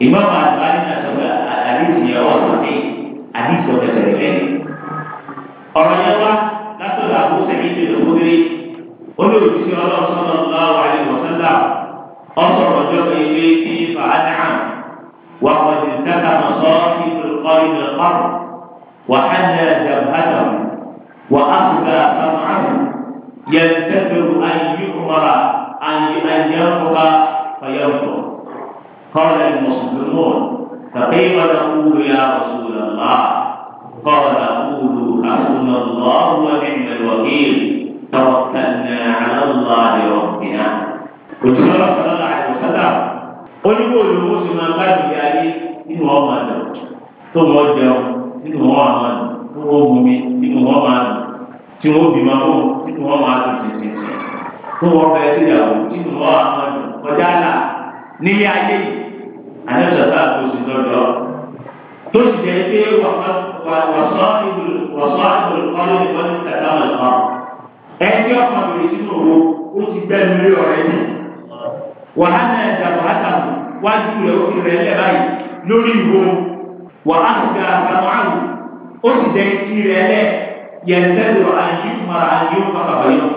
Imam Al-Albani náà sọ pé àdìsí ọwọ́ sàmì àdìsí ọ̀pẹ sẹ̀rẹ̀ lẹ́yìn. Ọ̀rọ̀ yẹn wá látọ̀dọ̀ àbúrò sẹ̀mí ìdè lókòdìrí. Olóòtú ọlọ́sọ̀nà ọ̀làwà àlewọ̀sálà ọ̀sọ̀rọ̀ ọjọ́ ìwé ní fàánà وقد التزم صاحب القرن القرن وحلى جبهته وأخذ سمعه ينتظر أن يؤمر أن ينفق فينفق قال المسلمون فكيف نقول يا رسول الله قال قولوا حسبنا الله ونعم الوكيل توكلنا على الله ربنا قلت صلى الله عليه وسلم قل قولوا مسلم قال بيالي إن هو ماذا ثم وجهه إن هو ماذا ثم هو ممي إن هو ماذا ثم هو بمامو إن هو ماذا ثم هو بيسيره إن هو ماذا وجعل نيا يجي àyẹ̀sọ̀tà àkóso lọ́dọ̀ tó sì jẹ́ pé wàsán ìbùkọ́lù ni wọ́n ti tàdá wọn lọ. ẹni ọmọ bèrè sínú owó ó ti gbẹ́nu lé ọ̀rẹ́ mi wàhánà ẹ̀dá wàhánà wájú rẹ̀ ó fi rẹ̀ lẹ̀ báyìí lórí ìwo wàhánà gba àgbàmọ́ àwù ó sì jẹ́ ti rẹ̀ lẹ̀ yẹ̀ntẹ́lò àyè mara àyè ó pàpà báyọ̀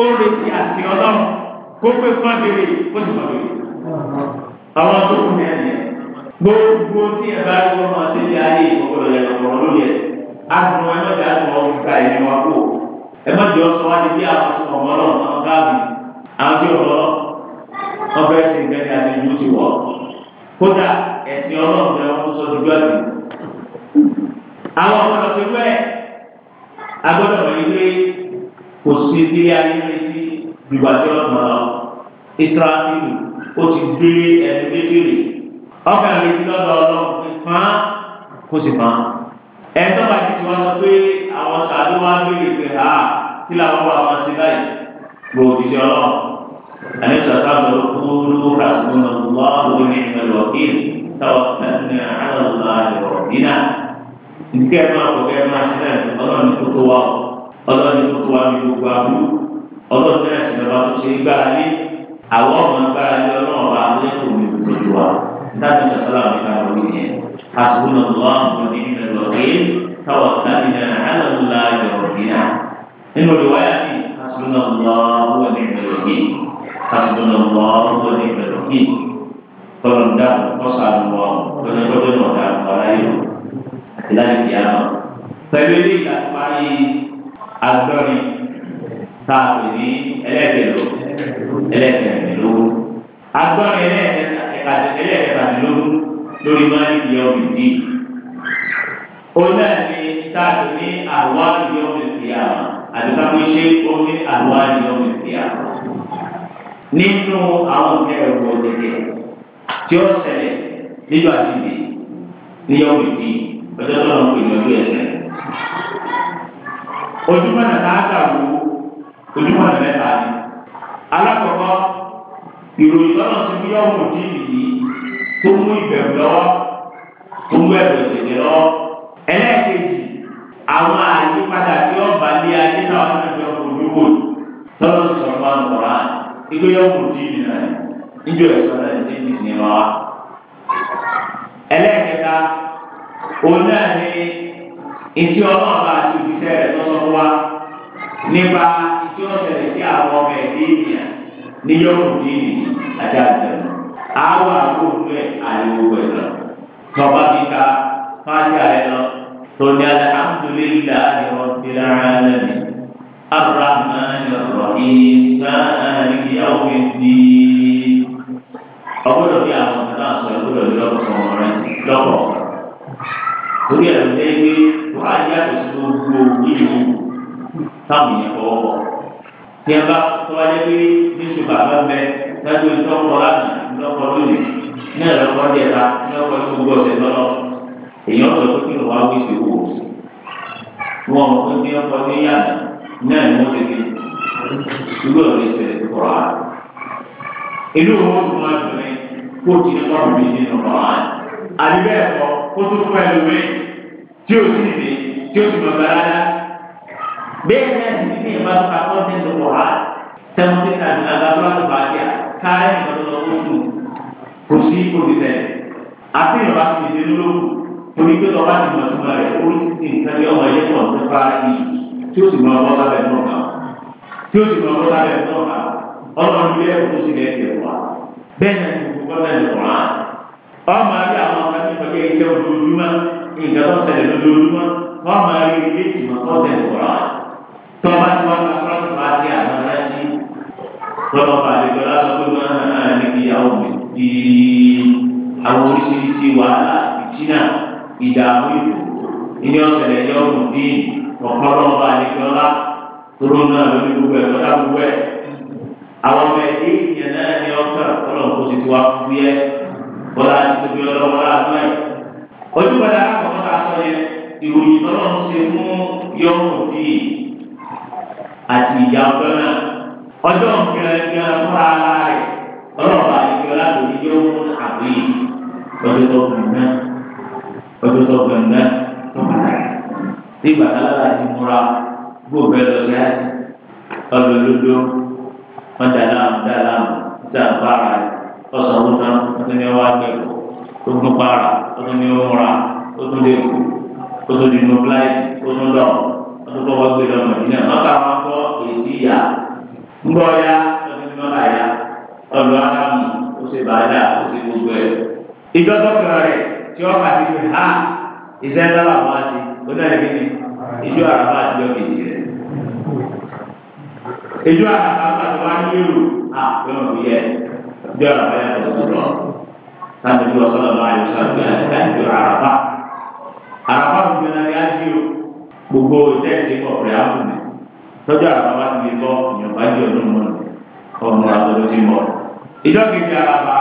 ó retí àti ọlọ́run kó pé fún abèrè ó sì fún abèrè àwọn tó kù ní ẹ̀yẹ gbogbo tí ẹ bá yọ ọmọ sí ilé ayé ìfọwọ́lọ́ yẹn lọ́wọ́ lórí ẹ̀ àtùnú ẹ mọ̀jà àtùnú ọ̀hún ká ẹ̀yẹ wọn kú ẹ mọ̀jà ọ̀sán wájú bí àwọn tó mọ̀ ọ́ lọ́wọ́ àwọn káàbì àwọn tí ọ̀rọ̀ ọbẹ̀ ẹ̀sìn nǹkan ní àti ìlú ti wọ̀ kódà ẹ̀sìn ọlọ́run ẹ̀ wọ́n sọ dúdú àti àwọn ọ̀pọ̀lọpọ̀ ti wẹ̀ agbọ́dọ̀ wọ̀ yí kò sí ilé ayé retí dùgbàjọ́ ọ̀gbọ̀n ìsirahìlì ó ti gbé ẹni méjìlè ọkà mi ti lọ́dọ̀ ọlọ́run pé fán kó sì fán ẹni tó bá ti ti wá sọ pé àwọn sàdó wá béèrè pé ha kí làwọn wà wọn sí báyìí gbò òṣìṣẹ́ ọlọ́run àní sàtà lọ kó lówó kásìmọ́ náà wọ́n lórí ní ìmọ̀lẹ̀ ọ̀kìn táwọn ní àlọ́lá ìrọ̀ nínà nígbà máa kọ̀ kẹ́ máa ṣe náà tó tó wá ọlọ́run tó tó wá ní gbogbo àbúrò ọlọ́run náà sì lọ́ba tó ṣe gbára lé àwọn ọmọ agbára ní ọlọ́run bá lẹ́kọ̀ọ́ mi kò tó wa dábì sọ́sọ́lá mi ká lọ wí yẹn àsìkò lọ́wọ́ àwọn ní ìlú ọ̀rẹ́ táwọn dábì náà alọ́lá yọ̀rọ̀ bí náà nínú ìwáyà mi àsìkò lọ́wọ́ àwọn ní ìlú ọ̀rẹ́ àsìkò lọ́wọ́ àwọn ní ìlú ọ̀rẹ́ tọ́lọ̀ dá ọ̀sán wọ̀ tọ́lọ̀ tọ́lọ̀ náà dá ọ̀rá yìí àti láti fi àná pẹ̀lú ilé ìtàkùn ayé agbọ́rin tá ní ẹlẹ́gbẹ̀rún ẹlẹ́ẹ̀kẹrìndínlógún agbọ́n ẹlẹ́ẹ̀kẹrìndínlógún lórí máa ń di ọmọ ìdí onáà ní táàtù ní àwọn ìdí ọmọ ìdí àwọn àdìsáwò ṣe ó ní àwọn ìdí ọmọ ìdí àwọn nínú àwọn ẹ̀rọ ọ̀dẹ̀dẹ̀ tí ó ṣẹlẹ̀ níjọ́ àjíǹde ní ọmọ ìdí ọjọ́ tó lọ́n pè ní ọdún ẹ̀sẹ̀ ojúmọ̀ náà ká ojúmọ̀ náà mẹ́ta alákọ̀ọ́kọ́ ìròyìn lọ́nà tí bí ọ̀hún òdì yìí tó mú ìbẹ̀rù lọ́wọ́ tó mú ẹ̀rù ìṣẹ̀lẹ̀ lọ́wọ́ ẹlẹ́ẹ̀kejì àwọn àyípadà tí ó bá lé ayé náà wọn fẹ́ kó dúró lọ́nà tí sọ̀rọ̀ máa ń kọ̀ra ìgbé ọ̀hún òdì yìí náà níjọ ẹ̀sọ́ náà ti di sinimá wa. ẹlẹ́ẹ̀kẹta òun náà ni ìtí ọlọ́ọ̀bá àti òbíṣẹ́ rẹ̀ tọ́sọ́ wa nípa ìtí ọ̀sẹ̀ rẹ̀ sí àwọn ọmọ ẹ̀dẹ́ ènìyàn ní yọ̀ọ̀mù bíi ajá àjẹmọ́ àwọn àkókò ẹ̀ àyẹ̀wò ẹ̀ lọ tọ́ba kíka fájà ẹ̀ lọ tọ́jà alhamdulillahi rabbil alamin arrahmanir rahim maliki yawmiddin ọgbọ́dọ̀ bí àwọn ọ̀sán náà sọ ìgbọ́dọ̀ bí lọ́kọ̀ọ̀kan ọ̀rẹ́ lọ́kọ̀ọ̀kan torí ẹ̀rọ lẹ́gbẹ́ wàá yàtọ̀ sí gbogbo ìlú táwọn èèyàn kọ́ ọ́ tí a bá tó wáyé pé níṣu bàbá ń bẹ láti oṣù tọkọ láti lọkọ lónìí ní ẹlọkọ díẹ̀ la ní ọkọ ní gbogbo ọ̀sẹ̀ lọlọ èèyàn sọ pé kí ló wá wí sí owó wọn ò pé kí ọkọ ní yàrá náà ni wọn ti di ìlú ọ̀rẹ́ ìṣẹ̀lẹ̀ tó kọ̀ọ̀rọ̀ àná ìlú òun tó máa dùn ní kó o ti ní kọ́ọ̀rọ̀ mi nínú ọ̀rọ̀ àná àdìbẹ́ ẹ̀kọ́ kó tó fún ẹlòmíì tí o sì ní tí o sì mọ̀ gbàrà bẹ́ẹ̀ ni sì ní ìbá pa kọ́ńtẹ́ǹtì wọ̀há tẹ́wọ́n ti ka ní agbára tó bá dé a káyà ìgbàlódé oṣù kò sí olùsẹ̀ àti ìrọ̀lá sì ti dé lóko torí pé lọ́ba ti mọ̀ túmọ̀ rẹ̀ oríṣiríṣi nǹkan bí ọmọ ẹ̀yẹ́ pọ̀ nípa ìyí tí ó sì mọ ọgbọ́n sábẹ̀ náà kà tí ó sì mọ ọgbọ́n sábẹ̀ náà kà ọlọ́run ilé ẹ̀kọ́ tó sì lẹ́ẹ̀kẹ́ wà bẹ́ẹ̀ náà ti gbogbo náà lè wá ọmọ àbí àwọn ọmọ ní ìfọ̀kẹ́ iṣẹ́ ojoojúmọ́ nǹkan tó tó bá ti wá lọ sọ́dọ̀ bá ti àná láti lọ́wọ́ bàálẹ̀ lọ́la sọ pé máa ń hàn níbi àwọn ti àwọn oríṣiríṣi wàhálà ìtìnà ìdààmú ìlú ilé ọ̀sẹ̀lẹ̀ yẹ ọ̀rùn bí ọ̀pọ̀lọpọ̀ bàálẹ̀ lọ́la tóró náà lórí gbogbo ẹ̀ lọ́la gbogbo ẹ̀ àwọn ọmọ ẹ̀dẹ́ ìyẹn náà ní ọkàn ọlọ́run kò sì ti wá fún bí ẹ bọ́lá ti tóbi ọlọ́wọ́ láàánú ẹ̀ ojú padà àwọn ọmọ sọ yẹ ìròyìn tọ́lọ́run ṣe fún yọ̀ọ̀rùn bíi àti ìyá ọjọ́ náà ọjọ́ kẹrẹkẹrẹ fúnra ara rẹ̀ ọlọ́ọ̀bà ìgbẹ́ látòkí yóò mú àbí ọjọ́ tó kàn náà ọjọ́ tó kàn náà tó pàtàkì tí bàtà lára ti múra gbòòbẹ lọ sí àti ọlọ́ lódó wọn dàda àwọn dàda àwọn sí àpárá rẹ̀ ọ̀sán wọn tán wọn ti ní wá kẹ́kọ̀ọ́ tó ń gbọ́ pààrà wọn ti ní wọn múra ó tún lè kú ó tún di nù fúláì ó tún lọ́ọ̀ wọn kọ́ wọ́n gbé lọ mọ̀dínà mọ́kà wọn kọ́ èdè yá ńgbọ́ yá lọ́sẹ̀ mọ́kà yá ọ̀dọ̀ ádámù ó ṣe bàdà ó ṣe gbogbo ẹ̀. ìjọ dọ́kítà rẹ̀ tí wọ́n kà sí pé ha ìṣẹ́ ńlá làwọn á ti ó dàbí kí ni ìjọ àràbà àtijọ́ kejì rẹ̀. ìjọ àràbà àtijọ́ wá ní èrò àpéwọn bí yẹ ìjọ àràbà yàtọ̀ sọ̀rọ̀ sáà ní ìjọ sọ̀rọ̀ lọ́wọ́ àyọ̀sọ̀ àti àràbà àràbà gbogbo tẹ́sí kọ̀ pẹ̀lú àbùnú tọ́jú àwọn bá ti lè bọ́ ìyọ̀bá jẹ́ ọdún mọ́ ọmọ àtọ́jú ti mọ́ ìjọ kejì àràbà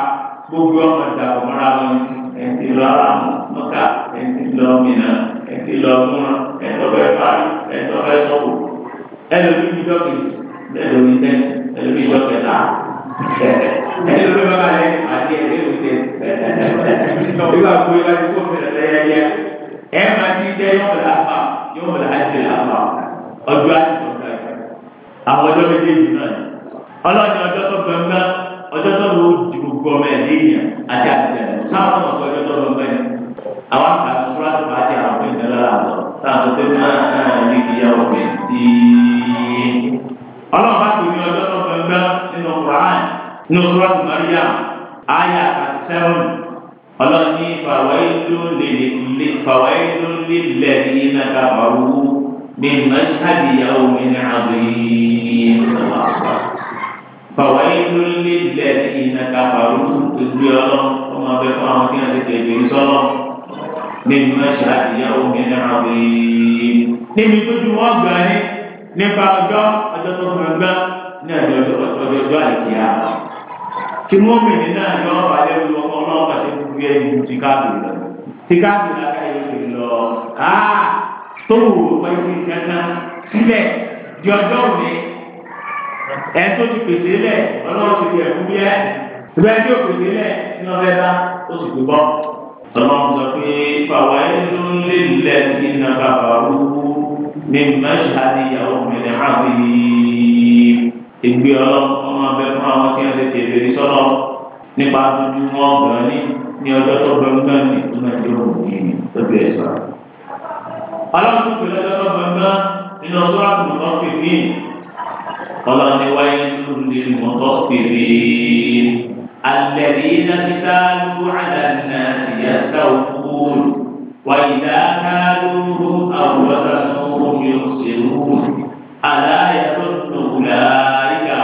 gbogbo ọmọ ìjà ọmọra wọn ẹtì lọ aráàmù mọ́ká ẹtì lọ mìíràn ẹtì lọ múra ẹtọ́fẹ́ parí ẹtọ́fẹ́ sọ́wọ́ ẹlòmí ìjọ kejì ẹlòmí tẹ́sí ẹlòmí ìjọ kẹta ẹlòmí bàbá yẹn àti ẹlòmí tẹ́sí ìgbà gbogbo ìlànà ìfowópamọ́ ẹ̀ máa ti dẹ́ yọ̀ yóò wọlé àti àbá ọjọ́ àti ọ̀gá ẹ̀ àwọn ọjọ́ méjèèjì náà ni ọlọ́ọ̀ni ọjọ́ tó gbẹ̀ngbẹ́ ọjọ́ tó ló di gbogbo ọmọ ẹ̀ léèyàn àti àtẹ̀lẹ̀ sáwọn ọmọ ọjọ́ tó lọ gbẹ̀ àwọn àkàtúntò sọ́ra ti bàjẹ́ àwọn ọmọ ìjọba làwọn táwọn tó máa ń ká ẹni ìyàwó mi sí i. ọlọ́run bá tún ní ọjọ́ tó gbẹ̀ngbẹ́ nínú Kùránì nínú sọ́ra ti Maryam àyà àti sẹ́wọ̀nù ọlọ́ni fàwáìlú lílẹ̀ ní nàkà bàrú mímọ́ sádìyàwó mi ní àbẹ̀yìn fàwáìlú lílẹ̀ ní nàkà bàrú ìgbé ọlọ́ ọmọ abẹ fún àwọn tí wọ́n ti tẹ̀lé sọ́lọ́ mímọ́ sádìyàwó mi ní àbẹ̀yìn. níbi tó ju wọn gbà ní nípa ọjọ́ ọjọ́ tó fún ẹgbẹ́ ní ọjọ́ ọjọ́ àìkíyà kí mọ́mìnì náà yọ ọlọ́run pàṣẹ gbogbo ẹ̀ ìlú ti káàbì lọ ti káàbì lára ìlú lọ áà tó wù ó pẹ́ sí kankan sílẹ̀ di ọjọ́ òní ẹ̀ tó ti pèsè lẹ̀ ọlọ́run ti di ẹ̀kú bí ẹ̀ ìbẹ́ tí ó pèsè lẹ̀ ní ọbẹ̀ bá ó sì gbé bọ́. ọlọ́run sọ pé fàwa ẹnu lè lẹ̀ ní nàbàbà rú ní mẹ́sàdì ìyàwó mẹ́rin àbí ìgbé ọlọ́run ọmọ abẹ fún àwọn tí wọ́n ti tẹ̀lé sọ́lọ́run nípa dúdú wọn gbọ́n ní ní ọjọ́ tó gbọ́ngbọ́n ní ìtumọ̀ tí ó wù ní lójú ẹ̀sọ́. ọlọ́run tó pèlú ọjọ́ tó gbọ́ngbọ́n nínú ọjọ́ àtúntò tó pè mí ọlọ́run ní wáyé lóru ní mọ́tò pè mí alẹ́bí nàbíta ló àdánà ìyàtà òkúùn wàyídá kálóhù àwòrán sọ́wọ́ mi ò sì rú àlàyé tó tó wùlá ìgbà.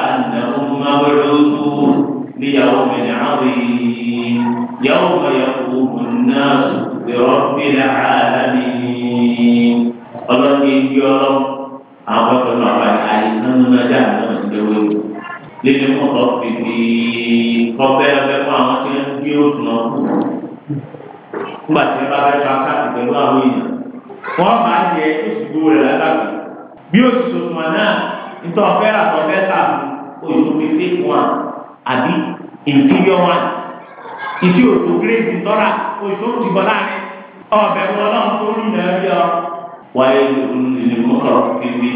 ليوم عظيم يوم يقوم الناس برب العالمين ọlọ́run ní ọ̀rọ̀ àwọn ọ̀dọ́ náà wà ní àìsàn mẹ́ta àwọn ìjọba ìlú lẹ́nu ọ̀rọ̀ fìdí kọ́fẹ́ ọ̀fẹ́ fún àwọn tí wọ́n gbé òtún náà kù. nígbà tí wọ́n bá fẹ́ fa káàdì pẹ̀lú àwọn èèyàn wọ́n máa jẹ oṣù rẹ̀ lágbàgbé bí oṣù tuntun náà nítorí ọ̀fẹ́ rà tọ́fẹ́ tà òyìnbó fi fẹ́ fún wa àbí inferior one ìtí òtò gírèsì tọ́ra oṣù tó ti bọ̀ láàrin ọ̀bẹ̀ wọn ọlọ́run tó rí ìlà rí ọ. wáyé lè mú ọ̀rọ̀ kébé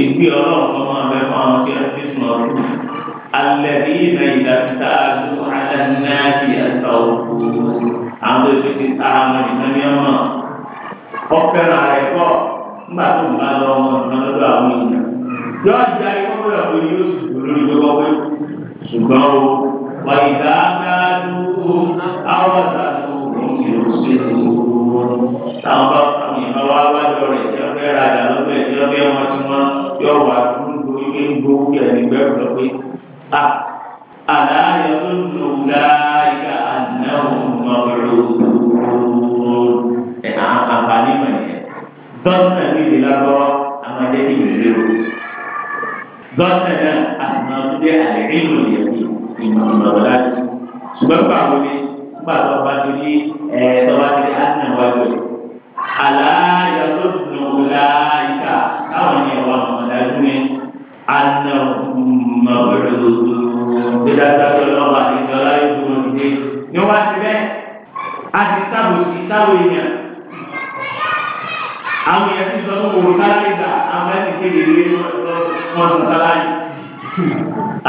ẹgbẹ́ ọlọ́run tó máa bẹ fún àwọn tí wọ́n ti sùn ọ̀rọ̀ alẹ́ ní ìlà ìlà tá a lò alẹ́ náà ti ẹ̀sà òkú àwọn tó ti ti ta àwọn ìtàn ní ọmọ ọ̀fẹ́ràn rẹ̀ pọ̀ nígbà tó ń bá lọ ọmọ ìtàn lọ́dọ̀ àwọn èèyàn yọ ọjà ìkọ́kọ́ rẹ̀ pé yóò sì kú lórí gbogbo pé ṣùgbọ́n o wà ìdá dáadúró àwọn àtàkùn òun kì í lọ sí gbogbo táwọn bá àwọn ìbá wá wájọ rẹ̀ tí wọ́n fẹ́ ra àjà lọ́gbẹ̀ẹ́ tí wọ́n fẹ́ wọn tí wọ́n yọ wà dúró ilé ń gbowó kẹ̀ nígbẹ́ lọ pé a àlá tó ń lò láyà àná òun mọ̀ lò ẹ̀ àǹfààní mọ̀ yẹn dọ́kítà ní ìdílágbọ́ àwọn ẹ̀jẹ̀ ti bèrè dọ́tẹ̀ náà àti máa fi dé àlẹ́ ìlú ìyẹ̀wò ìmọ̀ ìmọ̀lá ṣùgbọ́n nípa àwọn ni nígbà tó bá ti rí ẹ̀ tó bá ti rí ánà wájú ẹ̀ àlàyé tó dùn láyìíká táwọn ní ẹ̀wọ̀n ọ̀mọ̀lá ní ánà mọ̀lẹ́ dídájọ́ lọ́wọ́ àdéjọ́ láyé dúró nílé ni wọ́n ti bẹ́ẹ̀ a ti sábòsí sáwọn èèyàn àwọn èèyàn ti sọ fún òrùka lẹ́gbàá àwọn ẹni kéde lé lọ́wọ́ wọ́n tún sá láàyè.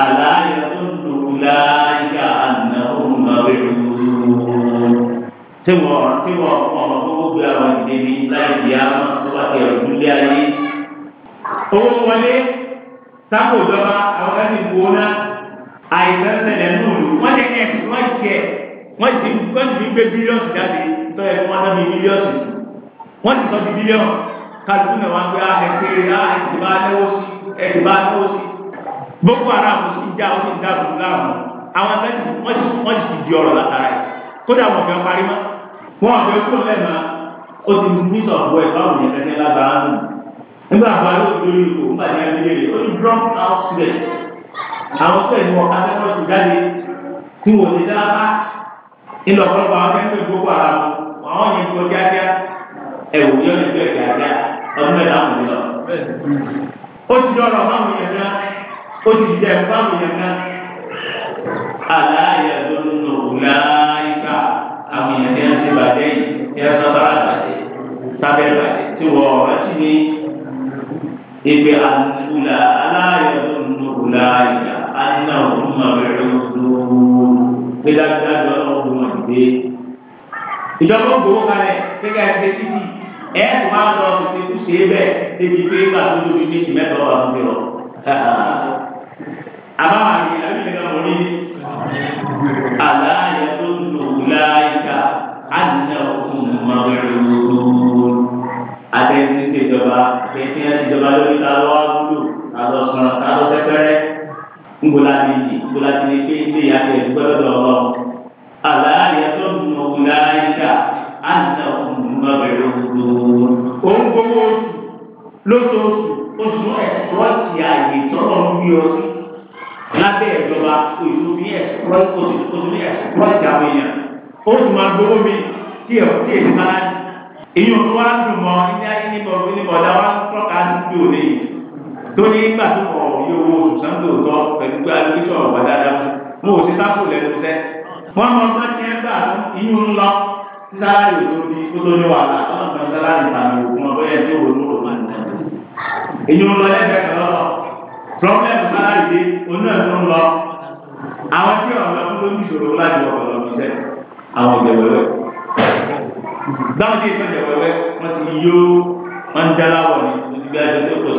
àlàyé tó ń lò láyé àná òun náà wẹ̀ lóòrò. tí wọ́n tí wọ́n ọmọ tó gbogbo àwọn ìdílé ní láì di àmọ́ tó bá ti ẹ̀rù lé ayé. owó wọlé sápò ìjọba àwọn ẹni wo náà àìsàn ṣẹlẹ̀ nù wọ́n jẹ́ kẹ́ wọ́n jẹ́ wọ́n ti wọ́n gbé bílíọ̀nù jáde tó yẹ kí wọ́n náà bí bílíọ̀nù wọ́n ti sọ di bílíọ̀nù kálukú náà wọ́n gbé ahẹ́ kéré ahẹ́ ti lẹ́wọ́ sí ẹ̀sìn bá tó sí Boko Haram sí ìjà ó sì ń dàrú láàmú àwọn ẹgbẹ́ sì wọ́n sì ti di ọ̀rọ̀ látara ẹ̀ kódà wọn fẹ́ parí mọ́ wọn fẹ́ kó lẹ́ẹ̀ma ó ti ní sọ̀bù ẹ̀ báwo yẹn fẹ́ lágbára nù nígbà àgbà ló ti lórí ipò nígbà tí a ti léèrè ó ní drop out student àwọn student wọn akẹ́kọ̀ọ́ sì jáde tí wọn ò ti dára nínú ọ̀pọ̀lọpọ̀ àwọn akẹ́kọ̀ọ́ ìgbókò ara wọn àwọn yẹn gbọ́ kíákíá ẹ̀wò yọ ó ti dọ̀rọ̀ báwọn yẹn náà ó ti jẹ báwọn yẹn náà aláàyè lónìí ọ̀làyíká àwọn yẹn ní ẹsẹ̀ bàjẹ́ yìí ní ẹsẹ̀ bàrà bàjẹ́ sábẹ́ bàjẹ́ tí wọ́n ọ̀rọ̀ sí ní ìpè àlùfùlà aláàyè lónìí ọ̀làyíká aná ìjọba ògbówó kalẹ̀ gẹ́gẹ́ ẹgbẹ́ títì ẹ tó máa lọ ṣe kú ṣe bẹ́ẹ̀ débi pé nígbà tó tóbi méjì mẹ́ta wà fún mi lọ. àbáwá ni àbí ìlẹ̀ kan mọ̀ ní àlàyé tó ń lò láyìíká àdínà òkun máa ń lò àtẹ̀sí ti ìjọba àtẹ̀sí ìjọba lórí ta lọ́wọ́ wúlò ta lọ sọ̀rọ̀ ta lọ sẹ́pẹ́rẹ́ ńgbọ́lá méjì ńgbọ́lá ti ní pé ilé ìyá tẹ̀ gbọ́dọ̀ lọ́wọ́ àlàyé tó ń lò láyìíká àtàkùnmá bẹ̀rẹ̀ òdo òǹgbówó oṣù lóṣooṣù oṣù ẹ̀sìpọ́ọ̀tì àyè tọ́lọ̀ ń gbé ọ sí lábẹ́ ìjọba oṣù ní ẹ̀sìpọ́ọ̀tì oṣù ní ẹ̀sìpọ́ọ̀tì àwọn èèyàn oṣù máa gbówó mi tí ẹ̀ tí èsì máa ń èyí ò tún wá dùn mọ́ ilé ayé níbọ̀ níbọ̀ dá wá tọ́ka sí òní tó ní gbà tó kọ̀ yóò wo oṣù sáńdò tọ́ wọ́n mọ ọgbọ́n tí ẹ gbà ìyún ń sáláàrì tó di kó tó ní wàhálà ọlọ́run kan sáláàrì tàbí òkun ọ̀bẹ yẹn tí ò ní òrò máa ń tẹ̀. èyí ń lọ lẹ́gbẹ̀ẹ́ kan lọ́wọ́ problem sáláàrì dé onú ẹ̀ tó ń lọ àwọn tí ọ̀rọ̀ lọ́kún ló ní ìṣòro láti ọ̀rọ̀ lọ fi sẹ́ àwọn ìjẹ̀wẹ̀wẹ̀. dáńtì ìfẹ̀jẹ̀wẹ̀wẹ̀ wọ́n ti yó wọ́n ń dáláwọ̀ ni mo ti gbé ẹjọ́ tí kò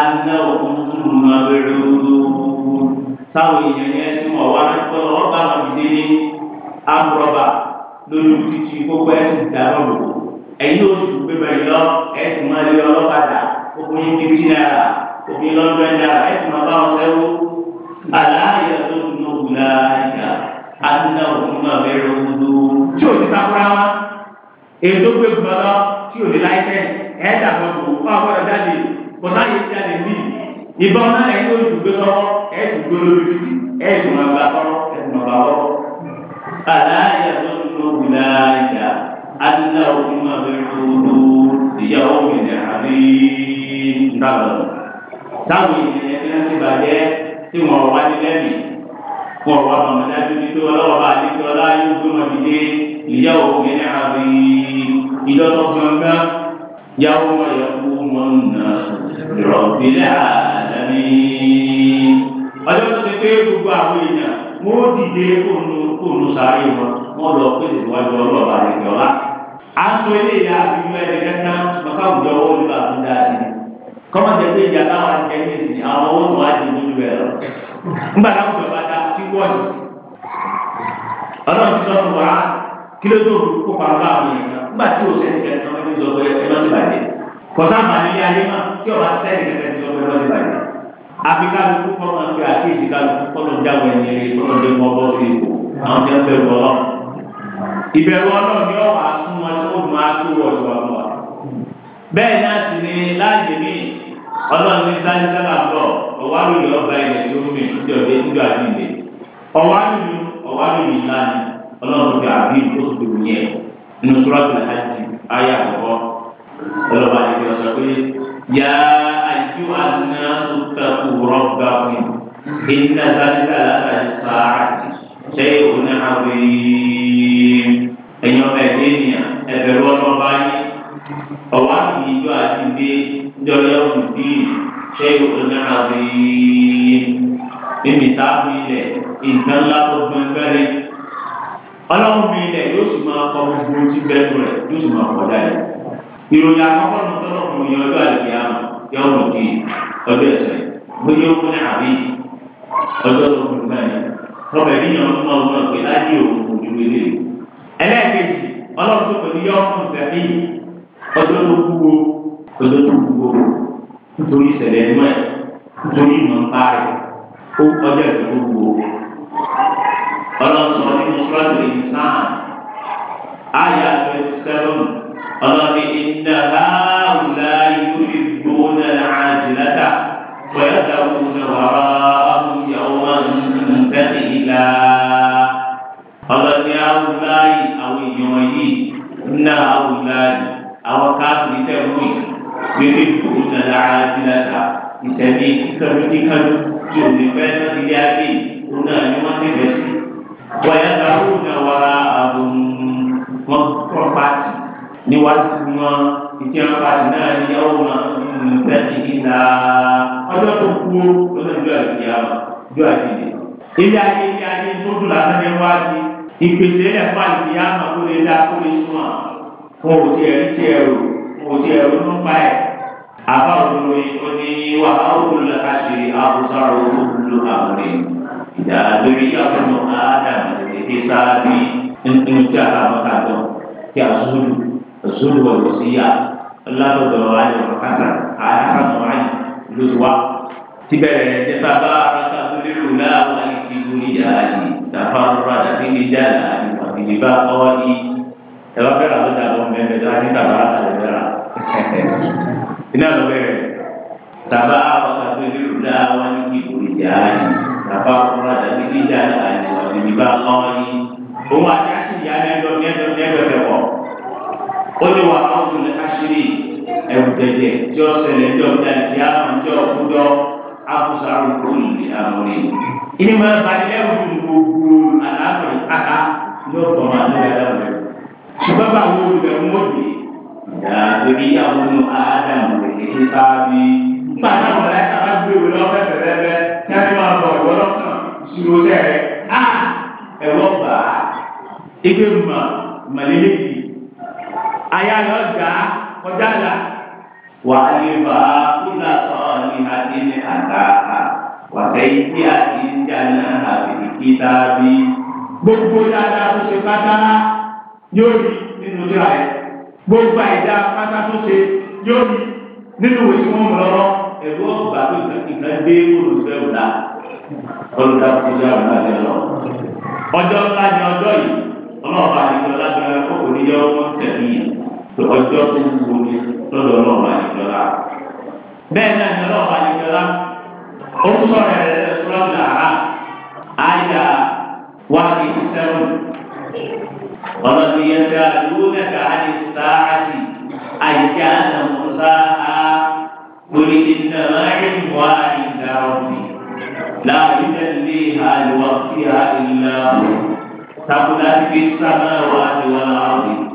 anáwòkún tún máa bẹ̀rẹ̀ lóòótọ́ táwọn èèyàn yẹn tí wọ́n wá lọ́pọ̀ ọba wọn dìde ní amúrọ̀bà lórí títí gbogbo ẹ̀ sì dáná lò ẹ̀yìn oṣù gbé bẹ̀rẹ̀ lọ ẹ̀ sì máa lé ọlọ́kadà obìnrin fifty naira obìnrin lọ́dún ẹ̀ naira ẹ̀ sì máa bá wọn sẹ́wó aláàyè tó dùn ó wùlá ìyá anáwòkún máa bẹ̀rẹ̀ lóòótọ́ tí ò ní sakura wa èdè ó gbé gbọ́dọ̀ tí ò ní láìsẹ̀ ẹ̀ dàgbọ́ bọ́tà yìí ti àlè ní ìbọn náà ẹ̀ yóò dùgbò sọ́wọ́ ẹ̀ dùgbò lórí títí ẹ̀ dùn àgbà kọ́rọ́ ẹ̀ dùn àgbà kọ́rọ́. aláyà tó ń lo wùlá ìjà aláwọ̀ máa bẹ lóru ìyàwó mi ní àrí ńdàbọ̀. táwọn ènìyàn ti rántí bàjẹ́ tí wọ́n wá ní lẹ́mìí wọ́n wá mọ̀mọ́dájú ní tó ọlọ́wọ́ bá àdéjọ́ ọlá yóò gbé wọn dìde ìyàwó mi ní àrí ìdọ́tọ̀ gbọ̀ngàn. يوم يقوم الناس برب العالمين ọjọ́ tó ti pé gbogbo àwọn èèyàn wọ́n dìde kóònù sáré wọn wọ́n lọ pé ìwájú ọlọ́ọ̀bà rẹ̀ jọlá aṣọ ilé ìyá àbíyú ẹni kẹta bàbá àwùjọ owó nípa àbúdá sí i kọ́mọ̀tẹ́ pé ìyá láwọn jẹ́ ní ìsìn àwọn owó tó wá di ẹ̀ lọ nígbà táwọn ìjọba dá sí wọ́ọ̀dì ọlọ́run ti sọ fún kí ló tó kó pa bá àwọn èèyàn kan nígbà tí o sẹ́ni kẹta wọn ti sọ pé ẹ lọ́sí bàjẹ́ kọ́sá màá ní ayé má tí ọba sẹ́ni kẹta ti sọ pé ẹ lọ́sí bàjẹ́ àfi kálukú kọ́nà pé àkéèsí kálukú kọ́nà jáwé ẹni eré kọ́nà dé mọ́ bọ́ sí ipò àwọn jẹ́ ń bẹ̀rù ọlọ́ ìbẹ̀rù ọlọ́ ni ọ wà sún wọn tí ó máa tó wọ̀ sí wọn wà bẹ́ẹ̀ náà sì ni láàyè mí ọlọ́run ní sáyé sábà bọ̀ ọ̀wárùn-ún ọba ilẹ̀ tó ń mì ń jọ̀dé ń ìlànà ọlọ́run fi àbí ó sì wù yẹn nínú sọ́ọ́tù hajj ayé àkọ́kọ́ ọlọ́ba àti ọ̀sẹ̀ pé yá àjù àná sùtàkù rọ́bà mi iná sáríkà látàrí sáàtì ṣé òun náà wí ẹ̀yàn ọ̀bẹ ènìyàn ẹ̀bẹ̀rù ọlọ́ba yìí ọ̀wá kì í jọ àti dé jọyọ̀ òbí ṣé òun náà wí mímí sáà fi ilẹ̀ nǹkan ńlá tó gbọ́n fẹ́rẹ́ ọlọ́run fi ilẹ̀ yóò sì máa kọ gbogbo tí bẹ́ẹ̀ rẹ̀ yóò sì máa kọ dáyà ìròyìn àkọ́kọ́ ní tọ́lọ́kùnrin yẹn ọjọ́ àlejò àmọ́ yóò mọ̀ di ọjọ́ ẹ̀sẹ̀ bóyá ó kún àbí ọjọ́ tó kún báyìí rọ́bẹ̀ níyàn ń mọ ọmọ pé láyé òun kò ju ilé ẹlẹ́ẹ̀kejì ọlọ́run tó pẹ̀lú yọ ọkùnrin tẹ̀lé ọjọ́ tó kúwo ọjọ́ tó kúwo nítorí nítorí ìṣẹ̀lẹ̀ kúwo ọlọ́sọ̀ nínú sọ́ọ̀tì ìsàn àyà twenty seven ọlọ́ni iná láàrúlá yóò fi gbóná àjìláta wẹ́ẹ́dà kùnà wàrà àmúyàwó ńlẹ́sẹ̀ ìlà ọlọ́ni àrúlá yìí àwọn èèyàn yìí iná àrúlá yìí àwọn káàkiri tẹ̀wé yóò fi gbóná àjìláta ìsẹ̀mí kíkanú kíkanú yóò fi fẹ́ sọ́kìlì àbí òun náà ni wọ́n ti bẹ̀ sí wọ̀nyẹ́dàrúnà wàrà àbùn wọn kọ́ pàtì níwájú wọn ìtì wọn pàtì náà ní yàwó wọn nfẹ́ ìlà ọjọ́ tó kú lọ́sọ̀ ìjọ àdìyẹ àwọn ìjọ àdìyẹ. ilé ayé ilé ayé ìpèsè ẹ̀ fún àdìyẹ àwọn lè dá kó lè sún à wọn ò tiẹ̀ rí tiẹ̀ rò wọn ò tiẹ̀ ẹ̀. àbá òun ni wàhálà òun lọ́ka ṣe àbùsọ̀rọ̀ òun ló àwọn èèyàn ìdàlórí àfọmọ ádámù ètè sáábì nínú tí a kà wọ́n kà dán tí a zúlù zúlù wọ̀ lọ sí yá ọlọ́dọ̀dọ̀ ayọ̀ kásá àyàsánù ayọ̀ ló ti wá. tibẹ̀rẹ̀ ẹ̀jẹ̀ bàbá aráta lórílù láwọn ìdí lórí yàrá ìdàfà rọra dàbí ní yàrá ìwàbìlì bá ọ́ ní ẹ̀rọ fẹ́ràn ló dàbọ̀ mẹ́mẹ́ tó ní bàbá aráta iná lọ bẹ̀rẹ̀ bàbá aráta lórílù láwọn ìdí lórí yàrá bàbá ọkùnrin àtàbí dídá àìsàn ìdìbò àkọọ́yí òun àti àṣìyà mẹ́jọ mẹ́jọ mẹ́jọ kẹwọ́ ó ní wà á wù ní aṣírí ẹ̀wù gẹ̀gẹ̀ tí ó ṣẹlẹ̀ ẹjọ́ bí àti àwọn ọjọ́ ọkúdọ́ àkóso àrùkù ní àmúrí. ìní máa bá ilé ẹ̀wù gbogbo àlàáfẹ́ àká ní ọ̀pọ̀ máa ní ìyá rẹ̀ ṣùgbọ́n bá àwọn olùbẹ̀wò mọ̀jì ìdàgbérí àwọn ọmọ àádámù rẹ̀ ní káfí máa bọ̀ ìwọ lọ́kàn ìṣirò sẹ́rẹ̀ á ẹ̀wọ́ gbà á ebe mà màlẹ́lẹ́ yìí aya yọ gbà á kọjá là wà á lè bá a kúlà sọ̀rọ̀ ní àti ní àtàkà wà sẹ́yìn tí a ti ń jà àbìrì kíta bí gbogbo dáadáa tó ṣe pátá yóò rí nínú tíra yẹn gbogbo àìdá pátá tó ṣe yóò rí nínú ìwé tí wọ́n mú lọ́wọ́ ẹ̀rú ọ̀gbà tó ìkan dé olùfẹ́ ọ̀la olùdá tó ti dára náà jẹ lọ. ọjọ́ ńlá ni ọjọ́ yìí ọlọ́ọ̀bà àdìgbò lágbára kókò ní yọ ọmọ tẹ̀lé yẹn ọjọ́ tó ń wo ni lọ́dọ̀ ọlọ́ọ̀bà àdìgbò lá. bẹ́ẹ̀ náà ni ọlọ́ọ̀bà àdìgbò lá ó ń sọ̀rọ̀ ẹ̀rẹ́ sọ́ọ̀lá àyà wáyé sẹ́wọ̀n ọlọ́dún yẹn ti àdúgbò mẹ́ta àdìsáàtì àyíká àdàmọ́sáà قل إنما علمها عند ربي لا يجليها لوقتها إلا هو ثقلت في السماوات والأرض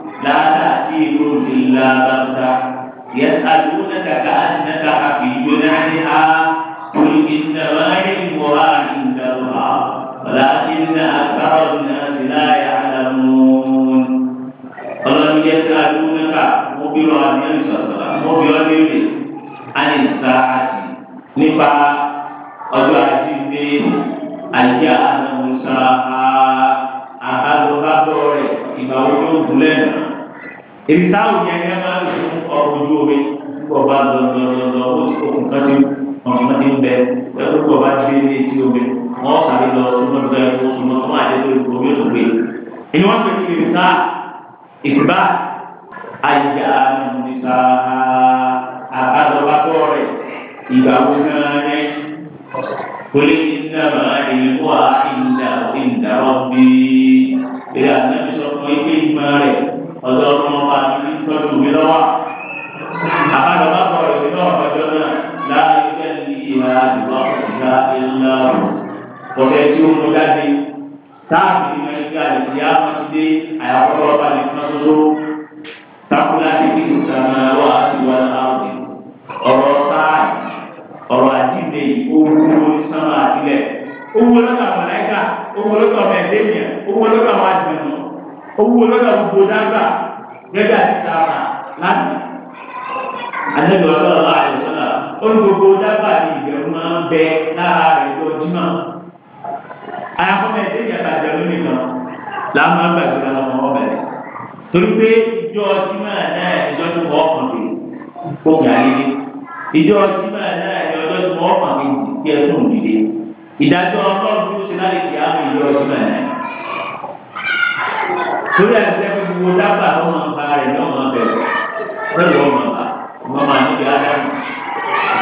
ọmọ máa níbi ádámù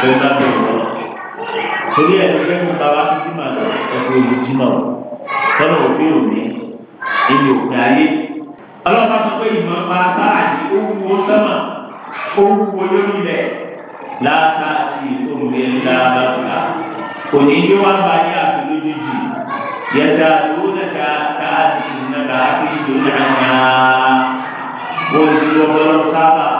ìgbẹ́ńdá tó lọ. torí ẹ̀ lọ́jọ́ mi bàbá tó jí màá ẹ̀kọ́ ìlú jí màá tọ́lọ̀ òfin òní èyí òfin ayé. ọlọ́pàá sọ pé ìmọ̀ máa bá àdí owó sọ́mà owó lórí rẹ̀ láta sí omi ńlá bàbá òní yóò wá bá yá àfi lójijì yẹta lówó náà ká àti ìnáka àti ìdòwò náà wọ́n ti lọ́wọ́ sábà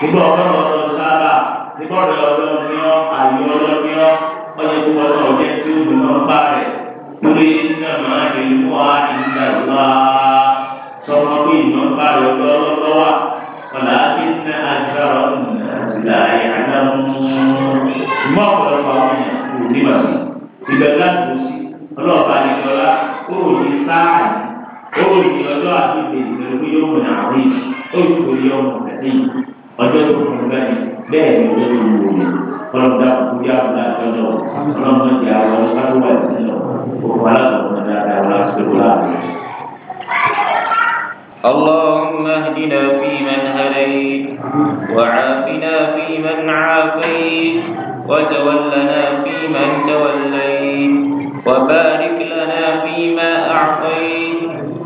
nígbà ọlọ́run ọlọ́run sábà nígbà ọ̀rẹ́ ọlọ́run ní ọ́ àyè ọlọ́run ní ọ́ ọyẹ kó ọlọ́run ọjẹ́ tí ó dùn ọ́n bá rẹ̀ lórí iná máa ń rìn wá iná lọ́wọ́ sọmọ pé iná bá rẹ̀ ọlọ́run lọ́wọ́ ọ̀là iná agbára ọ̀nà àyàdá mọ́ ọ̀pọ̀lọpọ̀ àwọn èèyàn kò ní màsí ìbẹ̀rù láti sí ọlọ́ọ̀bá nìkọ́lá ó ní sáà ó ní ọjọ́ àti ìgbèsè pẹ̀lú yóò mọ̀ ní àwọn ìṣ ọjọ́ tó kù bẹ́ẹ̀ bẹ́ẹ̀ ni ọjọ́ tó wù mí ọlọ́dà kú yá ọ̀dà àjọyọ̀ ọlọ́mọ jẹ àwọn ọlọ́dà sí lọ òkú aláàbọ̀ dáadáa wọn láti lọ láàbọ̀. اللهم اهدنا فيمن هديت وعافنا فيمن عافيت وتولنا فيمن توليت وبارك لنا فيما أعطيت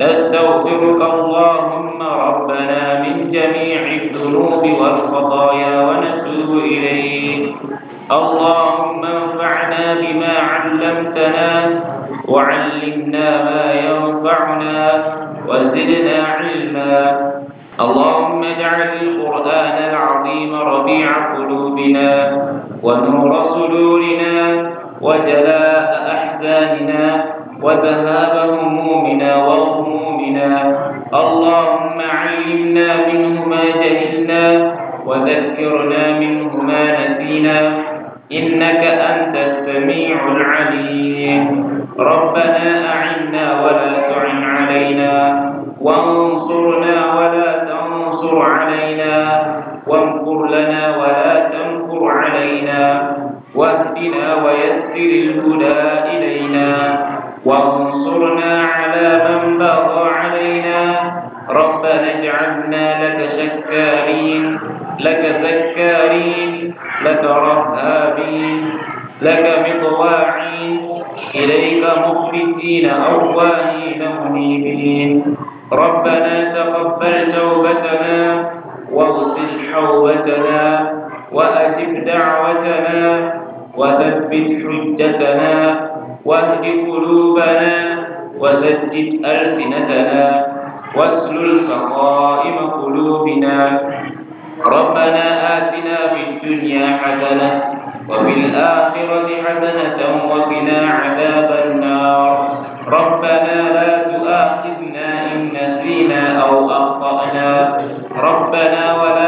نستغفرك اللهم ربنا من جميع الذنوب والخطايا ونتوب إليك اللهم انفعنا بما علمتنا وعلمنا ما ينفعنا وزدنا علما اللهم اجعل القرآن العظيم ربيع قلوبنا ونور صدورنا وجلاء أحزاننا وذهاب همومنا وغمومنا اللهم علمنا منه ما جهلنا وذكرنا منه ما نسينا إنك أنت السميع العليم ربنا أعنا ولا تعن علينا وانصرنا ولا تنصر علينا وامكر لنا ولا تمكر علينا واهدنا ويسر الهدى إلينا وانصرنا على من بغى علينا ربنا اجعلنا لك شكارين لك زكارين لك رهابين لك مطواعين إليك مخبتين أوانين منيبين ربنا تقبل توبتنا واغسل حوبتنا وأتم دعوتنا وثبت حجتنا واهد قلوبنا وسدد ألسنتنا واسلل سقائم قلوبنا ربنا آتنا في الدنيا حسنة وفي الآخرة حسنة وقنا عذاب النار ربنا لا تؤاخذنا إن نسينا أو أخطأنا ربنا ولا